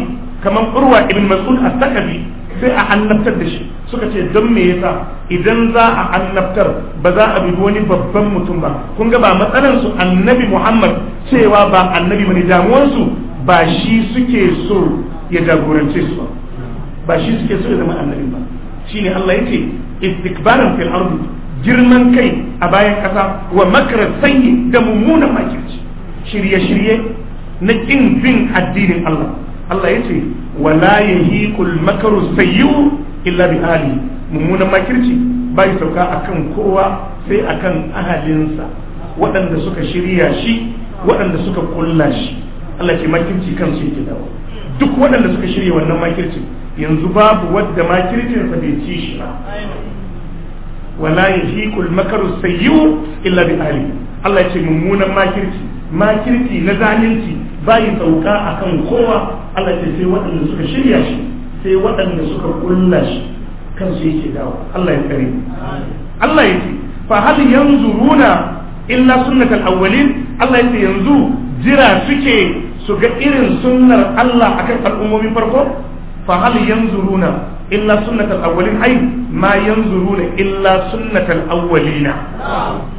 kaman urwa ibn mas'ud as-sakafi sai a annabtar da shi suka ce don me yasa idan za a annabtar ba za a bi wani babban mutum ba kun ga ba matsalan su annabi Muhammad cewa ba annabi bane damuwar su ba shi suke so ya jagorance su ba ba shi suke so ya zama annabi ba shine Allah yace istikbaran fil ardi girman kai a bayan kasa wa makarar sanyi da mummunan makirci shirye-shirye na kin bin addinin Allah Allah ya ce wala yahiqul makru sayyu illa bi mummunan makirci bai sauka akan kowa sai akan ahalinsa waɗanda suka shirya shi waɗanda suka kulla shi Allah ce makirci kansu yake dawo duk waɗanda suka shirya wannan makirci yanzu babu wadda makircinsa bai ci shi ba wala yahiqul makru sayyu illa bi ahli Allah ce mummunan makirci makirci na zalunci bai sauka akan kowa Allah ce sai waɗanda suka shirya shi sai waɗanda suka kulla shi kansu yake dawo Allah ya tsare Allah ya ce fa hal yanzuruna illa sunnatal awwalin Allah ya ce yanzu jira suke su ga irin sunnar Allah akan al'ummomin farko fa hal yanzuruna illa sunnatal awwalin ai ma yanzuruna illa sunnatal awwalina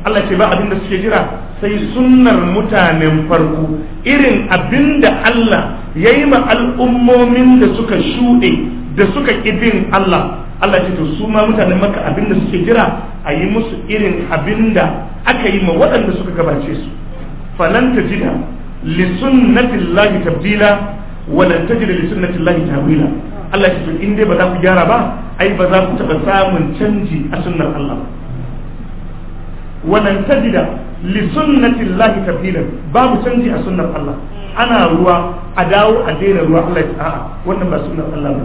Allah ce ba abin suke jira sai sunnar mutanen farko irin abinda Allah yayi ma al'ummomin da suka shuɗe da suka kibin Allah Allah ce to su mutanen maka abinda suke jira a yi musu irin abinda aka yi ma waɗanda suka gabace su falan tajida li sunnatillahi tabdila wa lan tajida li sunnatillahi tawila Allah ya ce in dai ba za ku gyara ba ai ba za ku taɓa samun canji a sunnar Allah ba wannan tajida li sunnatin lahi tabdilan babu canji a sunnar Allah ana ruwa a dawo a daina ruwa Allah ya a'a wannan ba sunnar Allah ba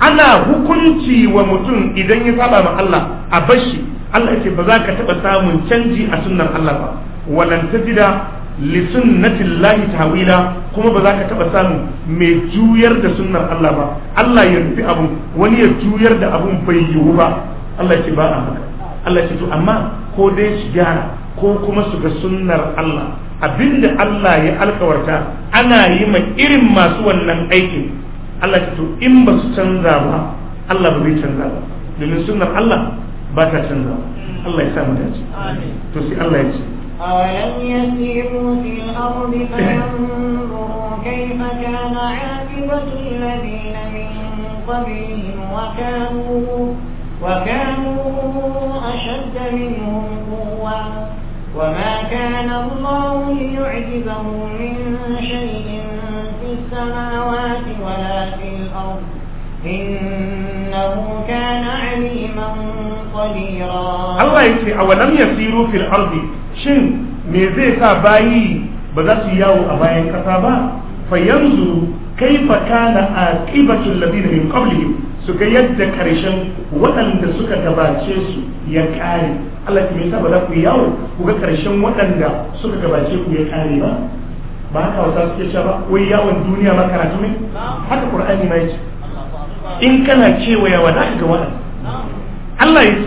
ana hukunci wa mutum idan ya saba ma Allah a bashi Allah ya ce ba za ka taɓa samun canji a sunnar Allah ba walan tajida li sunnatillahi tawila kuma ba za ka taba samu mai juyar da sunnar Allah ba Allah ya nufi abu wani ya juyar da abun bai yiwu ba Allah ce ba a haka Allah ce to amma ko dai su gyara ko kuma su ga sunnar Allah abinda Allah ya alkawarta ana yi ma irin masu wannan aikin Allah ce to in ba su canza ba Allah ba zai canza ba domin sunnar Allah ba ta canza Allah ya sa mu dace to sai Allah ya ce أولم يسيروا في الأرض فينظروا كيف كان عاقبة الذين من قبلهم وكانوا وكانوا أشد منهم قوة وما كان الله ليعجبه من شيء في السماوات ولا في الأرض Allah ya ce a wannan ya siro fil shin me zai sa bayi ba za su yawo a bayan ƙasa ba fa yanzu kai fa kana a kibatul ladina min qablihim su ga yadda karshen waɗanda suka gabace su ya kare Allah ya sa ba za ku yawo ku ga karshen waɗanda suka gabace ku ya kare ba ba haka wasa suke cewa wai yawon duniya ma karatu ne haka qur'ani ma yake in kana kewaya wa zaka ga wannan Allah ce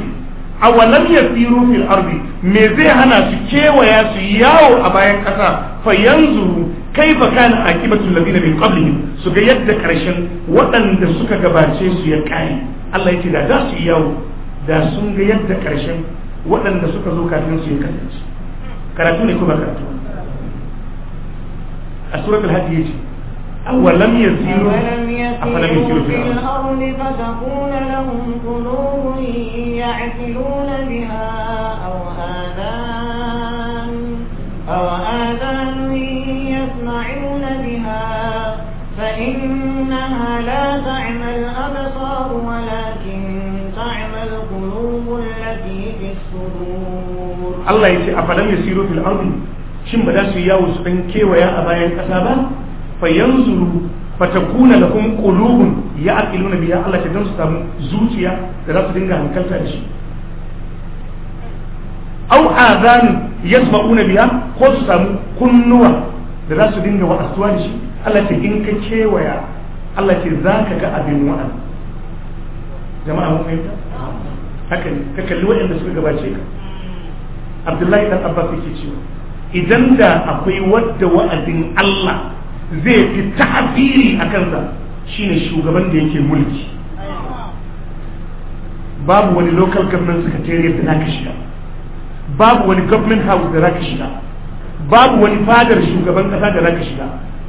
a walam yasiru fil ardi me zai hana su kewaya su yawo a bayan kasa fa yanzu kai kaifa kana akibatul ladina min qablihim su ga yadda karshen waɗanda suka gabace su ya kai Allah ya ce da za su yawo da sun ga yadda karshen waɗanda suka zo kafin su ya kasance karatu ne kuma karatu a suratul hadi yace أولم يسيروا أفلم يسيروا في الأرض فتكون لهم قلوب يعقلون بها أو آذان أو آذان يسمعون بها فإنها لا تعمى الأبصار ولكن تعمى القلوب التي في الصدور الله يسير أفلم يسيروا في الأرض shin ba za su yawo su ɗan kewaya a bayan ƙasa ba fayanzuru fatakuna lahum qulubun ya'qiluna biha Allah ta gamsu samu zuciya da za su dinga hankalta da shi aw azan yasma'una biha ko su samu kunnuwa da za su dinga wa'azuwa da shi Allah ta in ka kewaya Allah ce za ka ga abin wa'an jama'a mun fahimta haka ne ka kalli waɗanda suka gabace ka Abdullahi dan Abbas yake cewa idan da akwai wadda wa'adin Allah zai fi tasiri a kansa shine shugaban da yake mulki babu wani local government secretariat da zaka shiga babu wani government house da zaka shiga babu wani fadar shugaban kasa da zaka shiga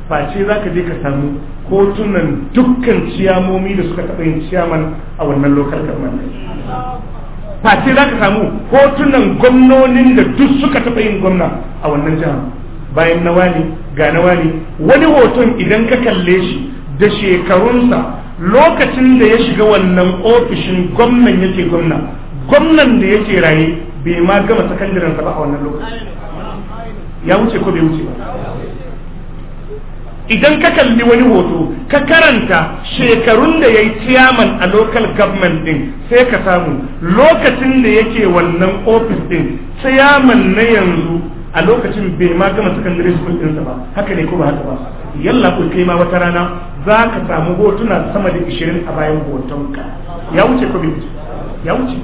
face za ka je ka samu kotunan dukkan ciyamomi da suka taɓa yin ciyaman a wannan lokal government face za ka samu kotunan gwamnonin da duk suka taɓa yin gwamna a wannan jihar bayan na wani ga na wani wani hoton idan ka kalle shi da shekarunsa lokacin da ya shiga wannan ofishin gwamnan yake gwamna gwamnan da yake raye bai ma gama sakandirensa ba a wannan lokacin ya wuce ko bai wuce ba idan ka kalli wani hoto ka karanta shekarun da ya yi ciyaman a local government din sai ka samu lokacin da yake wannan ofis din ciyaman na yanzu a lokacin bai ma gama secondary school ɗinsa ba haka ne ko ba haka ba yalla ku kai ma wata rana za ka samu hotuna sama da 20 a bayan hotonka ya wuce ko bai wuce ya wuce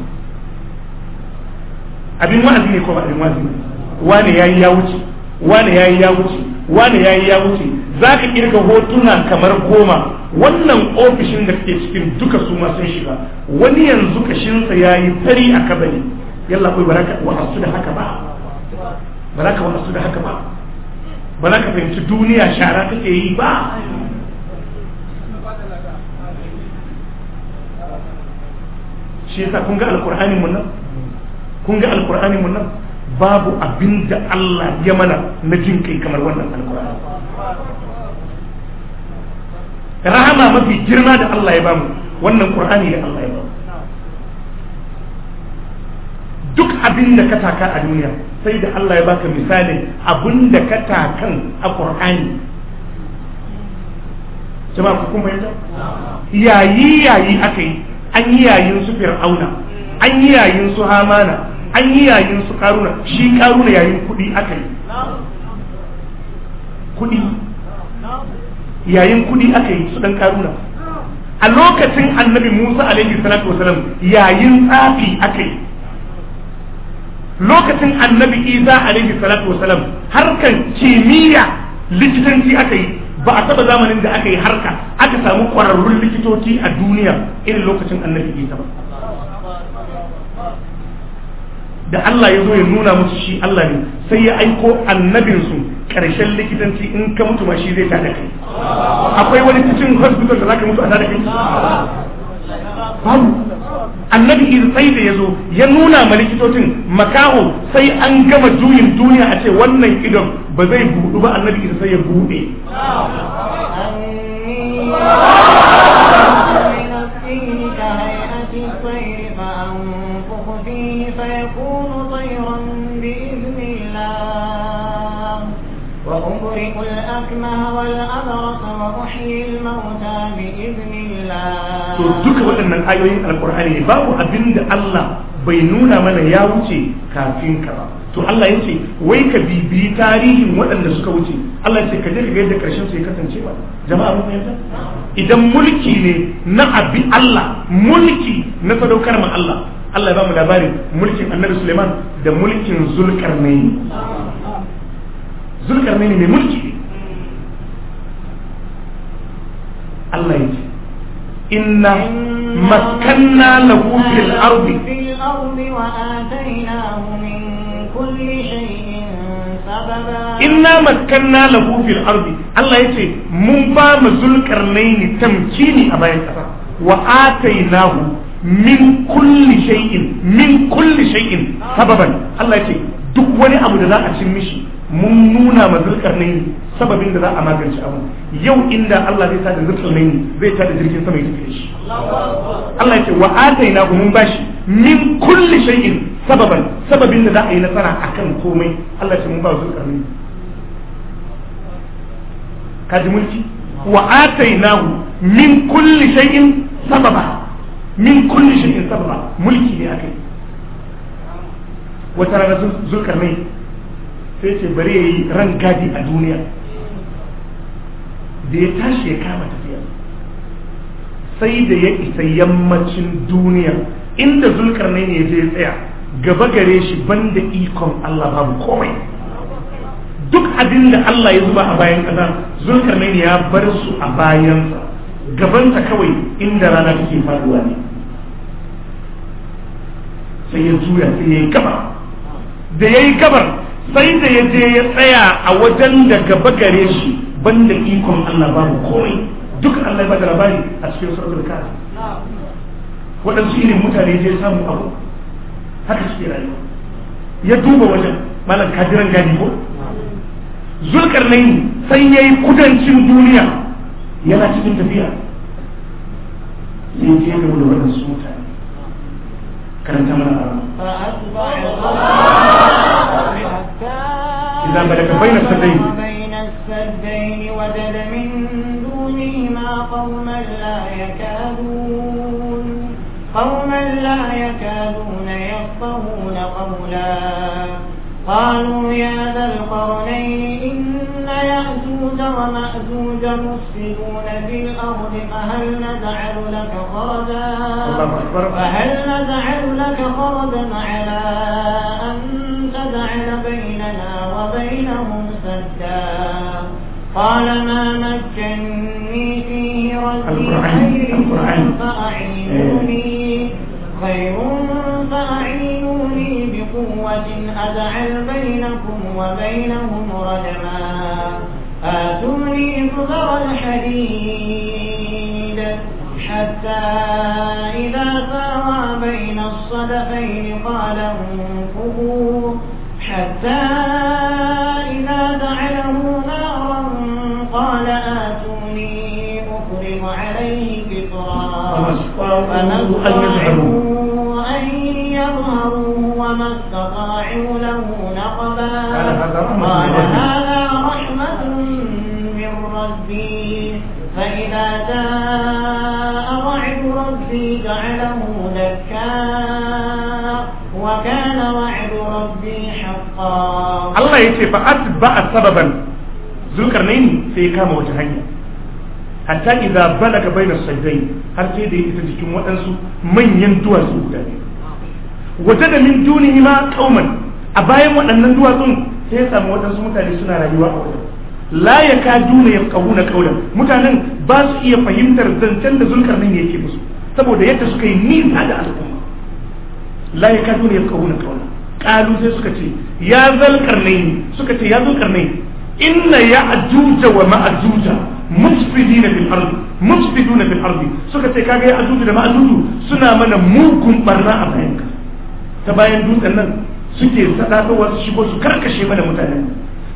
abin wa'azi ne ko ba abin wa'azi ne wane yayi ya wuce wane yayi ya wuce wane yayi ya wuce za ka kirga hotuna kamar goma wannan ofishin da kake cikin duka su ma sun shiga wani yanzu kashinsa yayi fari a kabari yalla ku baraka wa asu da haka ba ba za ka su da haka ba ba za ka fahimci duniya shara kake yi ba shi yasa kun ga Alkur'ani mun nan kun ga alkur'anin mun nan babu abin da Allah ya mana na jin kai kamar wannan alkur'ani rahama mafi girma da Allah ya bamu wannan qur'ani da Allah ya bamu duk abin da ka taka a duniya sai da Allah ya baka misalin abin da ka takan a Qur'ani jama'a ku kuma yadda yayi yayi aka yi an yi yayin su fir'auna an yi yayin su hamana an yi yayin su karuna shi karuna yayin kuɗi aka yi kuɗi yayin kuɗi aka yi su dan karuna a lokacin annabi musa alaihi salatu wasalam yayin tsafi aka yi lokacin annabi isa alaihi salatu wasalam harkan kimiyya likitanci aka yi ba a taba zamanin da aka yi harka aka samu kwararrun likitoci a duniya irin lokacin annabi isa ba da Allah ya zo ya nuna musu shi Allah ne sai ya aiko annabinsu karshen likitanci in ka mutu ma shi zai tada kai akwai wani cikin hospital da zaka mutu a tada kai babu annabi sai da zo ya nuna ma likitocin makaho sai an gama juyin duniya a ce wannan idon ba zai budu ba annabi iz sai ya bude وأبرئ الأكمه والأبرص وأحيي الموتى بإذن الله to duka waɗannan ayoyin alkur'ani babu abin da Allah bai nuna mana ya wuce kafin ka ba to Allah ya ce wai ka bibi tarihin waɗanda suka wuce Allah ya ce ka je ka ga yadda karshen su ya kasance ba jama'a mun fahimta idan mulki ne na abi Allah mulki na sadaukar ma Allah Allah ya ba mu labarin mulkin Annabi Suleiman da mulkin Zulkarnaini Zulkarnaini ne mulki Allah ya ce إنا مكنا له في الأرض inna makkanna lahu fil ardi Allah yace mun ba mu zulkarnaini tamkini a bayan kasa wa atainahu min kulli shay'in min kulli shay'in sababan Allah yace duk wani abu da za a cin mishi mun nuna ma zulkarnaini sababin da za a magance abu yau inda Allah zai tada zulkarnaini zai tada jirgin sama ya tafi shi Allah yake wa ataina mun bashi min kulli shay'in sababan sababin da za a yi nasara akan komai Allah ya mun ba zulkarnaini kaji mulki wa ataina min kulli shay'in sababa min kulli shay'in sababa mulki ne akai wata rana zulkarnaini sai ce bari ya yi ran gadi a duniya da ya tashi ya kama tafiya sai da ya isa yammacin duniya inda zulkar zulkarnain ya je tsaya gaba gare shi banda ikon Allah babu komai duk abin da Allah ya zuba a bayan zulkar zulkarnain ya bar su a bayansa gabansa kawai inda rana take faruwa ne sai ya juya sai ya yi gabar da ya yi gabar sai da ya je ya tsaya a wajen da gaba gare shi banda ikon Allah babu komai duk Allah ba da labari a cikin suratul kafi waɗansu irin mutane je samu abu haka suke rayuwa ya duba wajen malam kadiran gadi ko zulkarnain sai yi kudancin duniya yana cikin tafiya sai je ga waɗansu mutane كالتمام إذا بلغ بين السدين بين السدين وجد من دونهما قوما لا يكادون قوما لا يكادون يفقهون قولا قالوا يا ذا القرنين إن يأجوج ومأجوج مفسدون في الأرض فهل نجعل لك خرجا فهل نجعل لك خرجا على أن تجعل بيننا وبينهم سدا قال ما مكني فيه ربي خير فأعينوني خير فأعينوني قوة أجعل بينكم وبينهم رجما آتوني زبر الحديد حتى إذا ساوى بين الصدفين قال انفقوا حتى إذا جعله نارا قال آتوني أفرغ عليه قطرا فما رحمة قال هذا رحمة من ربي فإذا جاء وعد ربي جعله دكا وكان وعد ربي حقا الله يتفى أتبع سببا zulkarnain sai ya kama wata hanya hatta idza balaga baina sajdain har sai da yake cikin waɗansu manyan duwatsu guda biyu wata da min dunihi ma qauman a bayan waɗannan duwatsun sai ya samu waɗansu mutane suna rayuwa a wajen la ya ka duna ya kahu na kaulan mutanen ba su iya fahimtar zancen da zulkar nan yake musu saboda yadda suka yi nisa da al'umma la ya ka duna ya kahu na kaulan kalu sai suka ce ya zalkar ne suka ce ya zulkar ne inna ya ajuja wa ma'ajuja mufsidina fil ardi mufsiduna fil ardi suka ce kaga ya ajuju da ma'ajuju suna mana mugun barna a bayan ta bayan dutsen nan suke sadadowa su shigo su karkashe mana mutane,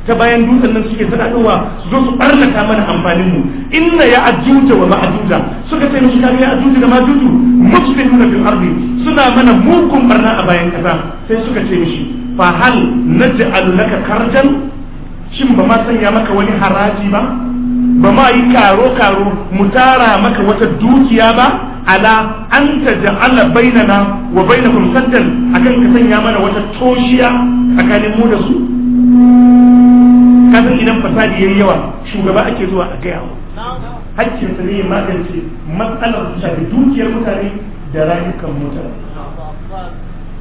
ta bayan dutsen nan suke sadadowa su zo su barnata mana amfanin mu inna ya ajuja wa ma'ajuja suka ce musu kaga ya ajuja da ma'ajuju muslimuna fil ardi suna mana mukun barna a bayan kasa sai suka ce mishi fa hal naj'alu laka karjan shin ba ma sanya maka wani haraji ba ba ma yi karo karo mu tara maka wata dukiya ba ala an ta ja'ala bainana wa bainakum saddan akan ka sanya mana wata toshiya tsakanin mu da su kasan idan fasadi yayi yawa shugaba ake zuwa a gaya wa hakkin sa ne magance matsalar shafi dukiyar mutane da rayukan mutane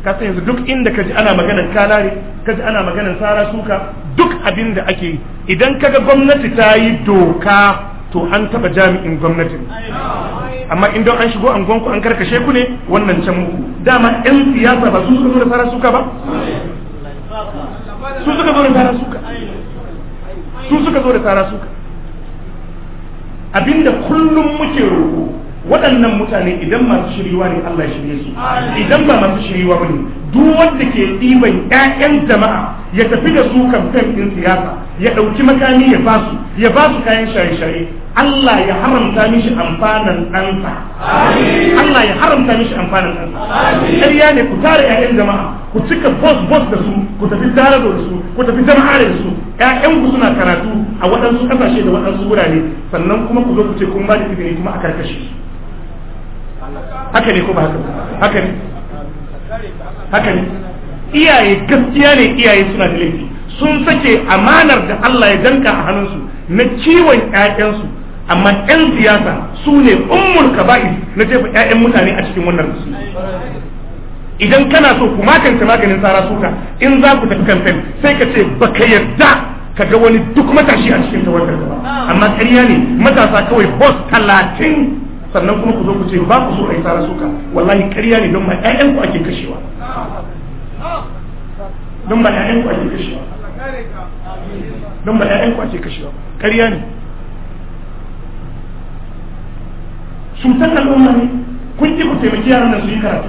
kasan yanzu duk inda kaji ana maganar kalare kaji ana maganar sara suka abin da ake yi idan kaga gwamnati ta yi doka to an taba jami'in gwamnati amma inda an shigo an ku an karkashe ku ne wannan can muku dama yan siyasa ba su suka zo da fara suka ba su suka zo da fara suka su suka zo da fara suka abinda kullum muke roƙo waɗannan mutane idan masu shiriwa ne Allah ya shirye su idan ba masu shiriwa ba ne duk wanda ke ɗiban ƴaƴan jama'a ya tafi da su kamfen ɗin siyasa ya ɗauki makami ya ba su ya ba su kayan shaye-shaye Allah ya haramta mishi amfanin ɗansa Allah ya haramta mishi amfanin ɗansa ƙarya ne ku tara ƴaƴan jama'a ku cika bos bos da su ku tafi darado da su ku tafi jama'a da su ƴaƴan suna karatu a waɗansu ƙasashe da waɗansu wurare sannan kuma ku zo ku ce kun ba da izini kuma a karkashe haka ne ko ba haka haka ne haka ne iyaye gaskiya ne iyaye suna da laifi sun sake amanar da Allah ya danka a hannunsu na ciwon ƴaƴansu amma ƴan siyasa su ne ummul kaba'is na jefa ƴaƴan mutane a cikin wannan idan kana so ku makance maganin tsara suka in za ku tafi kamfen sai ka ce ba ka yarda ka ga wani duk matashi a cikin tawagar ba amma ƙarya ne matasa kawai bos talatin sannan kuma ku zo ku ce ba ku so a yi tsara suka wallahi ƙarya ne don ba ƴaƴan ku ake kashewa don ba ƴaƴan ku ake kashewa don ba ƴaƴan ku ake kashewa ƙarya ne cutar al'umma ne kun ki ku taimaki yaran nan su yi karatu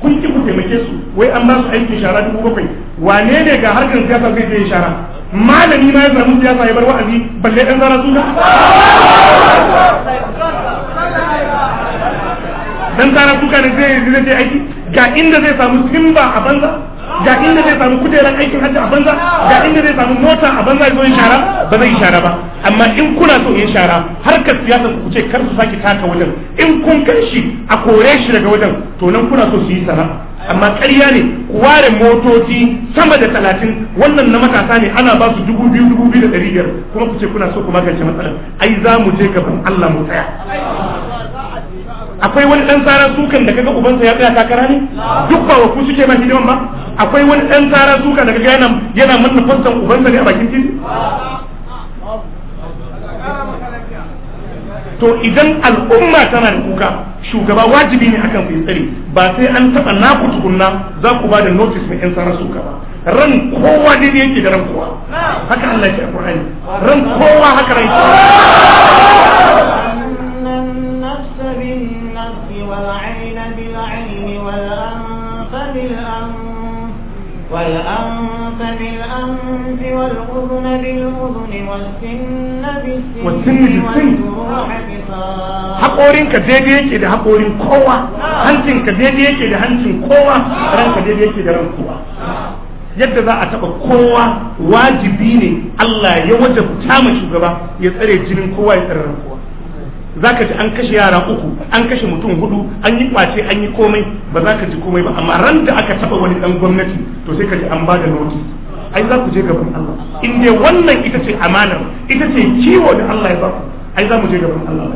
kun ki ku taimake su wai an ba su aikin shara dubu bakwai wane ne ga harkar siyasa zai je shara malami ma ya samu siyasa ya bar wa'azi balle ɗan zara suna dan tsara tuka ne zai zai je aiki ga inda zai samu simba a banza ga inda zai samu kujeran aikin hajji a banza ga inda zai samu mota a banza zai shara ba zai shara ba amma in kuna so yin shara harkar siyasa ku ce kar su saki taka wajen in kun kan shi a kore shi daga wajen to nan kuna so su yi sana'a amma ƙarya ne ku ware motoci sama da talatin wannan na matasa ne ana ba su dubu biyu dubu biyu da ɗari biyar kuma ku ce kuna so ku magance matsalar ai za mu je gaban Allah mu tsaya akwai wani dan tsara sukan da kaga ubansa ya tsaya takara ne duk ba wa ku suke ma hidiman ba akwai wani dan tsara sukan da kaga yana yana manna fassan ubansa ne a bakin titi to idan al'umma tana da kuka shugaba wajibi ne akan fi tsare ba sai an taba naku tukunna za ku ba da notice na yan tsara suka ba ran kowa daidai yake da ran kowa haka Allah ya ce a Qur'ani ran kowa haka ran kowa والأنف بالأنف والأذن بالأذن والسن بالسن والسن بالسن haƙorinka daidai yake da haƙorin kowa hancinka daidai yake da hancin kowa ranka daidai yake da ran yadda za a taɓa kowa wajibi ne Allah ya wajabta ma shugaba ya tsare jinin kowa ya tsare kowa Za ka ji an kashe yara uku an kashe mutum hudu an yi kwace an yi komai ba za ka ji komai ba amma ran da aka taba wani dan gwamnati to sai ka ji an bada noti ai za ku je gaban Allah in dai wannan ita ce amana ita ce kiwo da Allah ya ba ku ai za mu je gaban Allah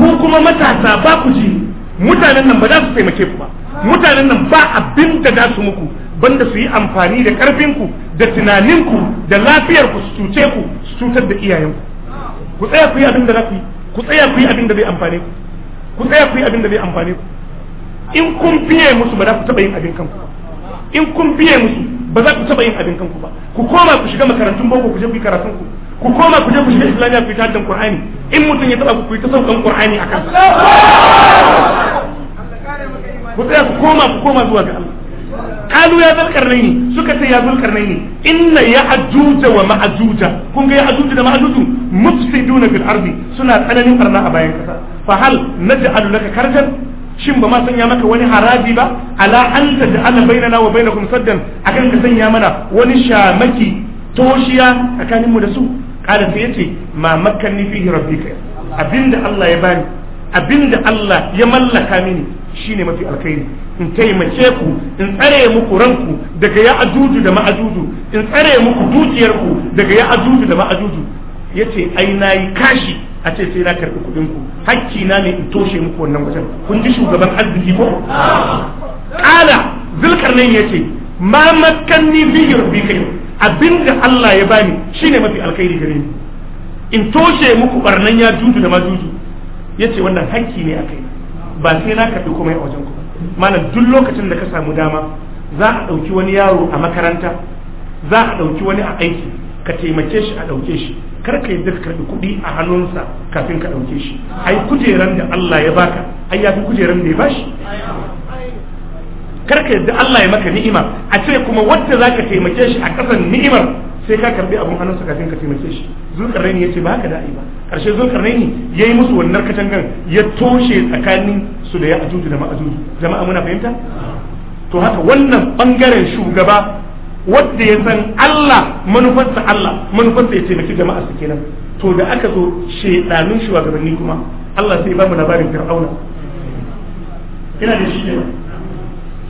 ko kuma matasa ba ku ji mutanen nan ba za su taimake ku ba mutanen nan ba abin da za su muku banda su yi amfani da karfinku da tunaninku da lafiyarku su cuce ku su cutar da iyayenku ku tsaya ku yi abin da za ku yi ku tsaya ku yi abin da zai amfane ku ku tsaya ku yi abin da zai amfane ku in kun biye musu ba za ku taɓa yin abin kanku in kun biye musu ba za ku taɓa yin abin kanku ba ku koma ku shiga makarantun boko ku je ku yi karatun ku ku koma ku je ku shiga islamiyya ku yi tajjan qur'ani in mutum ya taɓa ku yi ta qur'ani akan ku tsaya ku koma ku koma zuwa ga Allah kalu ya zulkarnaini suka ce ya zulkarnaini inna ya'juja wa ma'juja kun ga ya'juja da ma'juju mufsiduna fil ardi suna tsananin barna a bayan kasa fa hal naj'alu laka karjan shin ba ma sanya maka wani haraji ba ala an taj'ala bainana wa bainakum saddan akan ka sanya mana wani shamaki toshiya tsakanin mu da su kada sai yace ma makkanni fihi rabbika abinda Allah ya bani abinda Allah ya mallaka mini shine mafi alkhairi in taimake ku in tsare muku ranku daga ya ajuju da ma'ajuju in tsare muku dukiyarku daga ya ajuju da ma'ajuju yace ai nayi kashi a ce sai na karbi kuɗinku ku hakki na ne in toshe muku wannan wajen kun ji shugaban arziki ko kala ya yace ma makanni bi yurbi kai abinda Allah ya bani shine mafi alkhairi gare ni in toshe muku barnan ya juju da majuju yace wannan hakki ne akai ba sai na karbi komai a wajen ku ba mana duk lokacin da ka samu dama za a ɗauki wani yaro a makaranta za a ɗauki wani a aiki ka taimake shi a ɗauke shi kar ka yadda ka karɓi kuɗi a hannunsa kafin ka ɗauke shi ai kujeran da Allah ya baka ai ya fi kujeran da ya bashi kar ka yadda Allah ya maka ni'ima a ce kuma wacce za ka taimake shi a ƙasan ni'imar sai ka karbi abun hannun sa kafin ka taimake shi zulkarnaini ce ba haka da'i ba karshe zulkarnaini yi musu wannan katangan ya toshe tsakanin su da ya ajuju da ma'ajuju jama'a muna fahimta to haka wannan bangaren shugaba wanda ya san Allah manufarsa Allah manufarsa ya taimaki jama'a su kenan to da aka zo shedanun shugabanni kuma Allah sai ba mu labarin fir'auna ina da shi ne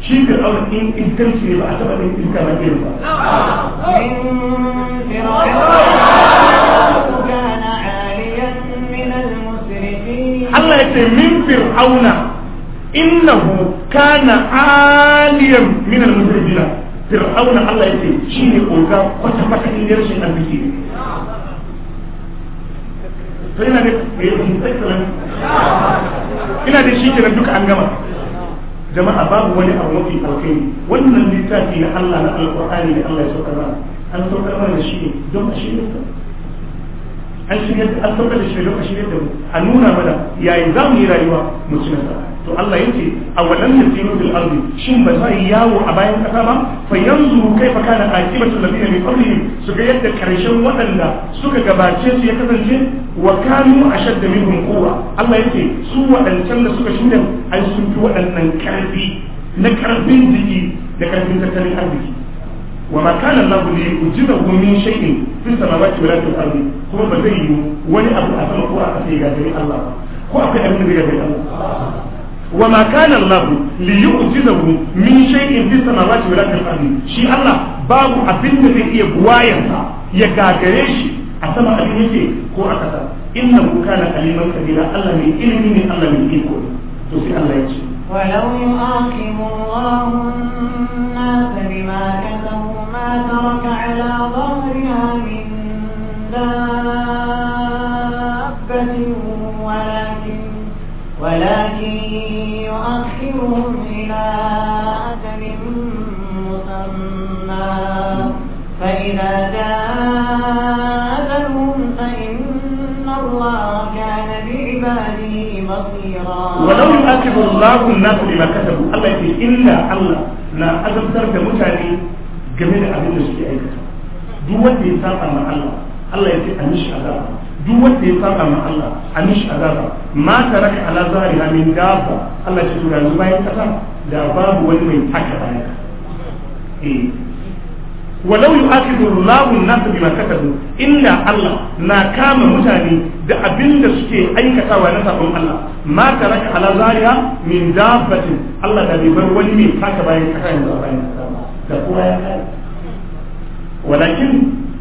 shi fir'auna in iskanci ne ba a taɓa ɗin iska na irin ba. Allah ya ce min fir'auna innahu kana aliyan min al-musrifina fir'auna Allah ya ce shi ne oga kwata kwata in da rashin arziki ne. To ina da ina da shi kenan duka an gama. jama'a babu wani abu mafi alkhairi wannan littafi na Allah na alqur'ani da Allah ya saukar mana an saukar mana shi ne don a shirya an shirya an saukar da shi don a shirya ta mu a nuna mana yayin za mu yi rayuwa mu ci nasara to Allah yace awalam yasiru fil ardi shin ba sai yawo a bayan kasa ba fa yanzu kai fa kana aqibatu alladhina min qablihim su ga yadda karshen waɗanda suka gabace su ya kasance wa kanu ashadda minhum quwwa Allah ce su waɗancan da suka shuda an sun fi waɗannan karfi na karfin jiki da karfin tattalin arziki وما كان الله ليعجزه من شيء في السماوات ولا في الارض هو بزيه ولي ابو اسامه هو اسيغا الله هو ابو الله وما كان الله ليعجزه من شيء في السماوات ولا في الارض شي الله باب ابن da zai iya buwayansa ya gagare shi a sama abin yake ko a kasa inna kana aliman kabila Allah mai ilimi ne Allah mai iko to sai ولو يؤاخذ الله الناس بما كسبوا ما ترك على ظهرها من دابة ولكن يؤخرهم إلى أجل مسمى فإذا جاء أجلهم فإن الله كان بعباده بصيرا ولو يؤاخذ الله الناس بما كسبوا الله يقول إلا الله لا أجل ترك متعلي جميل أبي abin da suke إنسان duk الله الله saba ma duk wanda ya saba ma Allah a azaba ma taraka ala zahriha min dabba Allah ya tura bayan kasa da babu wani mai taka bayan eh walau yu'akidu Allahu an-nasa bima kasabu inna Allah na kama mutane da abinda suke aikatawa na sabon Allah ma taraka ala zahriha min dabbatin Allah da bai bar wani mai taka bayan kasa yanzu bayan kasa kowa ya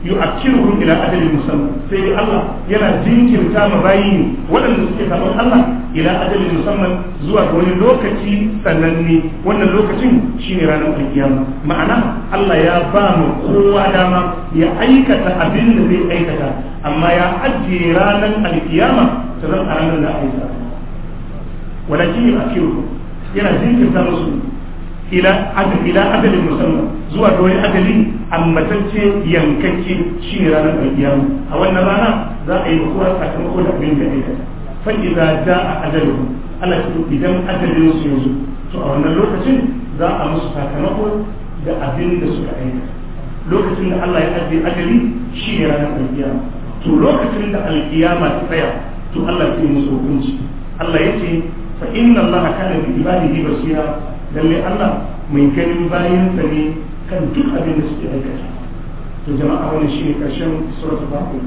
yu'akkiruhum ila ajalin musamma sai dai Allah yana jinkirta ma bayi waɗanda suke sabon Allah ila ajalin musamman zuwa ga wani lokaci sananne wannan lokacin shine ranar alkiyama ma'ana Allah ya ba mu kowa dama ya aikata abin da zai aikata amma ya ajiye ranar alkiyama ta zan a ranar da aisa walakin yu'akkiruhum yana musu ila adal ila adalin musamman zuwa ga wani adali ammatacce yankacce shi ne ranar alkiyama a wannan rana za a yi kowa sakamako da abin da aikata fa idza jaa ajaluhum Allah ya idan ajalin su yanzu to a wannan lokacin za a musu sakamako da abin da suka aikata lokacin da Allah ya ajiye ajali shi ne ranar alkiyama to lokacin da alkiyama ta tsaya to Allah ya yi musu hukunci Allah ya ce fa inna Allah kana bi ibadihi basira lalle Allah mai ganin bayansa ne kan duk abin da suke aikata to jama'a wannan shine karshen suratul baqara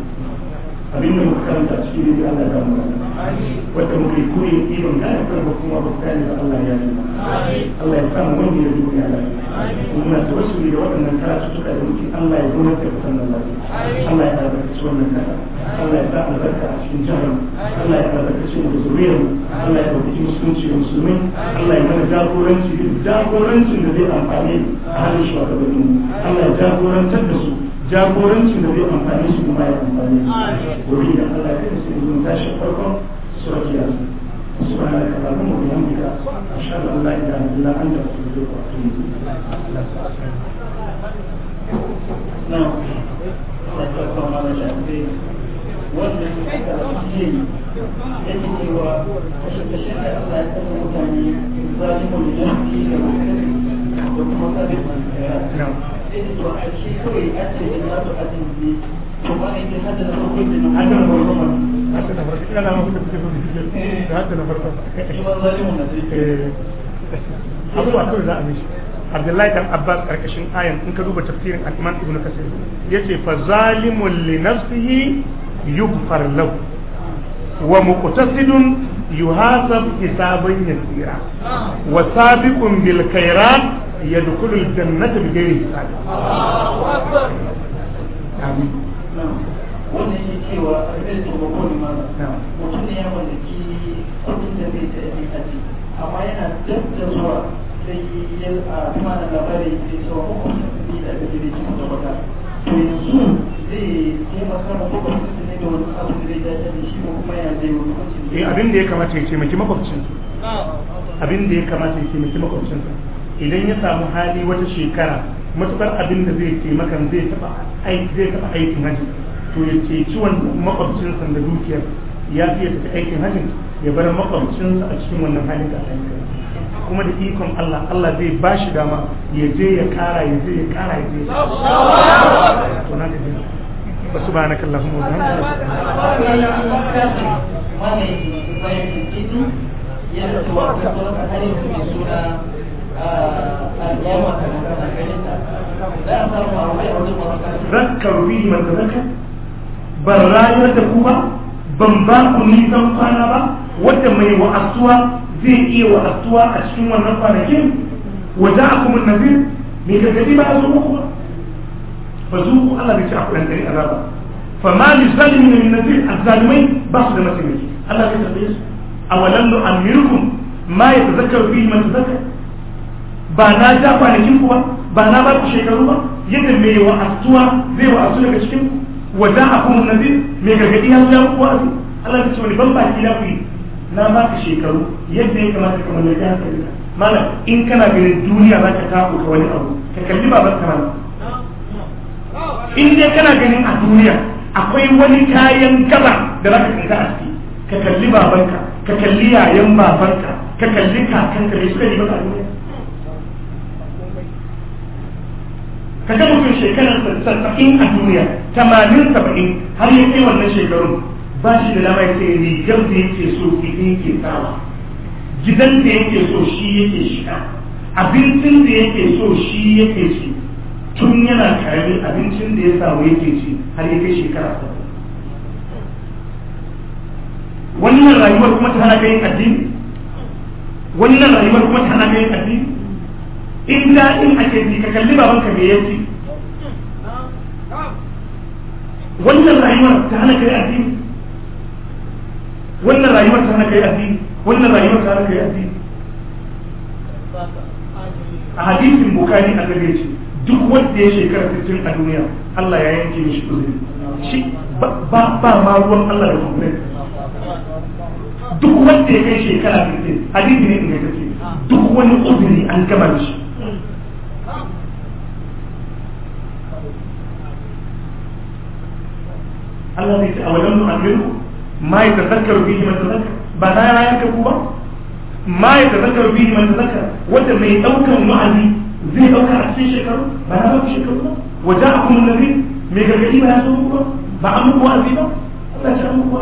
abin da muka karanta cikin da Allah ya mu wanda muke kuri ibn da ya kuma ba kai da Allah ya yi Allah ya samu wani ya duka ya kuma da wasu da waɗannan karatu suka da muke Allah ya zama da kasan nan Allah ya albarka su wannan kasa Allah ya sa albarka a cikin jihar Allah ya albarka su da zuriyar Allah ya albarka musulunci da musulmi. Allah ya mana jagoranci da jagorancin da zai amfani a halin shugabannin Allah ya jagorantar da su jagorancin da zai amfani su kuma ya amfani su gobe da Allah ya kai su yin tashi farkon surati yasin subhanaka allahumma wa bihamdika ashhadu an la ta illa anta astaghfiruka wa atubu ilaik wannan karfi ne yake cewa kashe-kashe da Allah ya kasa mutane zalimin da ya fi da kuma da kuma abubuwa kawai za a mishi abdullahi dan abbas karkashin ayan in ka duba tafsirin al-imam ibnu Ya ce fa zalimun li nafsihi yughfar lahu wa muqtasidun yuhasab hisaban yasira wa sabiqun bil khairat يدخل الجنة بغير حساب الله أكبر آمين wannan shi cewa zai ne ya da ya kuma da cikin ne ta ko kuma ya ta wani hukunci abin da ya kamata ya taimaki makwabcinsa ah. abin idan ya samu hali wata shekara matukar abin da zai ce makan zai taba zai taba aikin haji to ya ce ciwon makwabcin sa da dukiyar ya fi ya tafi aikin hajji ya bar makwabcin sa a cikin wannan halin da Allah kuma da ikon Allah Allah zai ba shi dama ya je ya kara ya je ya kara ya je to na ga وسبحانك اللهم وبحمدك zakkaru bi man tazakka ban rayuwar da ku ba ban ba ku nisan kwana ba wanda mai wa'asuwa zai iya wa'asuwa a cikin wannan kwanakin wajen a kuma nazir mai gargadi ba a zo muku ba ba zuku Allah bai ci a kuɗin ɗari azaba fa ma li zalimin min nazir azzalimai ba su da mataimaki Allah bai tabbata su awalan lu amirukum ma yatazakkaru bi man tazakka ba na ja kwanakin ku ba ba na ba ku shekaru ba yadda mai wa asuwa zai wa asu daga cikin ku wa za a kuma nazir mai gargadi ya zuwa ku wa'azi Allah ta ce wani ban baki na ku na ba ka shekaru yadda ya kamata ka mallaki hankali ka malam in kana ganin duniya za ka tafi ka wani abu ka kalli baban ka malam in dai kana ganin a duniya akwai wani kayan gaba da za ka kanta a ciki ka kalli babanka ka kalli yayan babanka ka kalli kakanka da suka yi maka a duniya ka ga mutum shekarar sassafin a duniya tamanin saba'in har ya kai wannan shekarun ba shi da dama ya ce rigar da yake so ita yake sawa gidan da yake so shi yake shiga abincin da yake so shi yake ci tun yana karami abincin da ya samu yake ci har ya kai shekara saba'in wannan rayuwar kuma ta hana kayan addini wannan rayuwar kuma ta hana kayan addini in daɗin ake ji ka kalli babanka me yauci wannan rayuwar ta hana kai addini wannan rayuwar ta hana kai addini wannan rayuwar ta hana kai addini a hadisin bukari a gare shi duk wanda ya shekara 60 a duniya Allah ya yanke mishi uzuri shi ba ba ma ruwan Allah da complaint duk wanda ya kai shekara 60 hadisi ne ingantacce duk wani uzuri an gama mishi Allah zai ce a wajen mu'amiru ma ya tazakkaru bihi man tazakkar ba na rayar ka ku ba ma ya tazakkaru bihi man tazakkar wanda mai daukan wa'azi zai dauka a cikin shekaru ba na dauka shekaru ba wajen akwai nabi mai gargaɗi ba ya so ku ba ba an muku wa'azi ba Allah ya ce an muku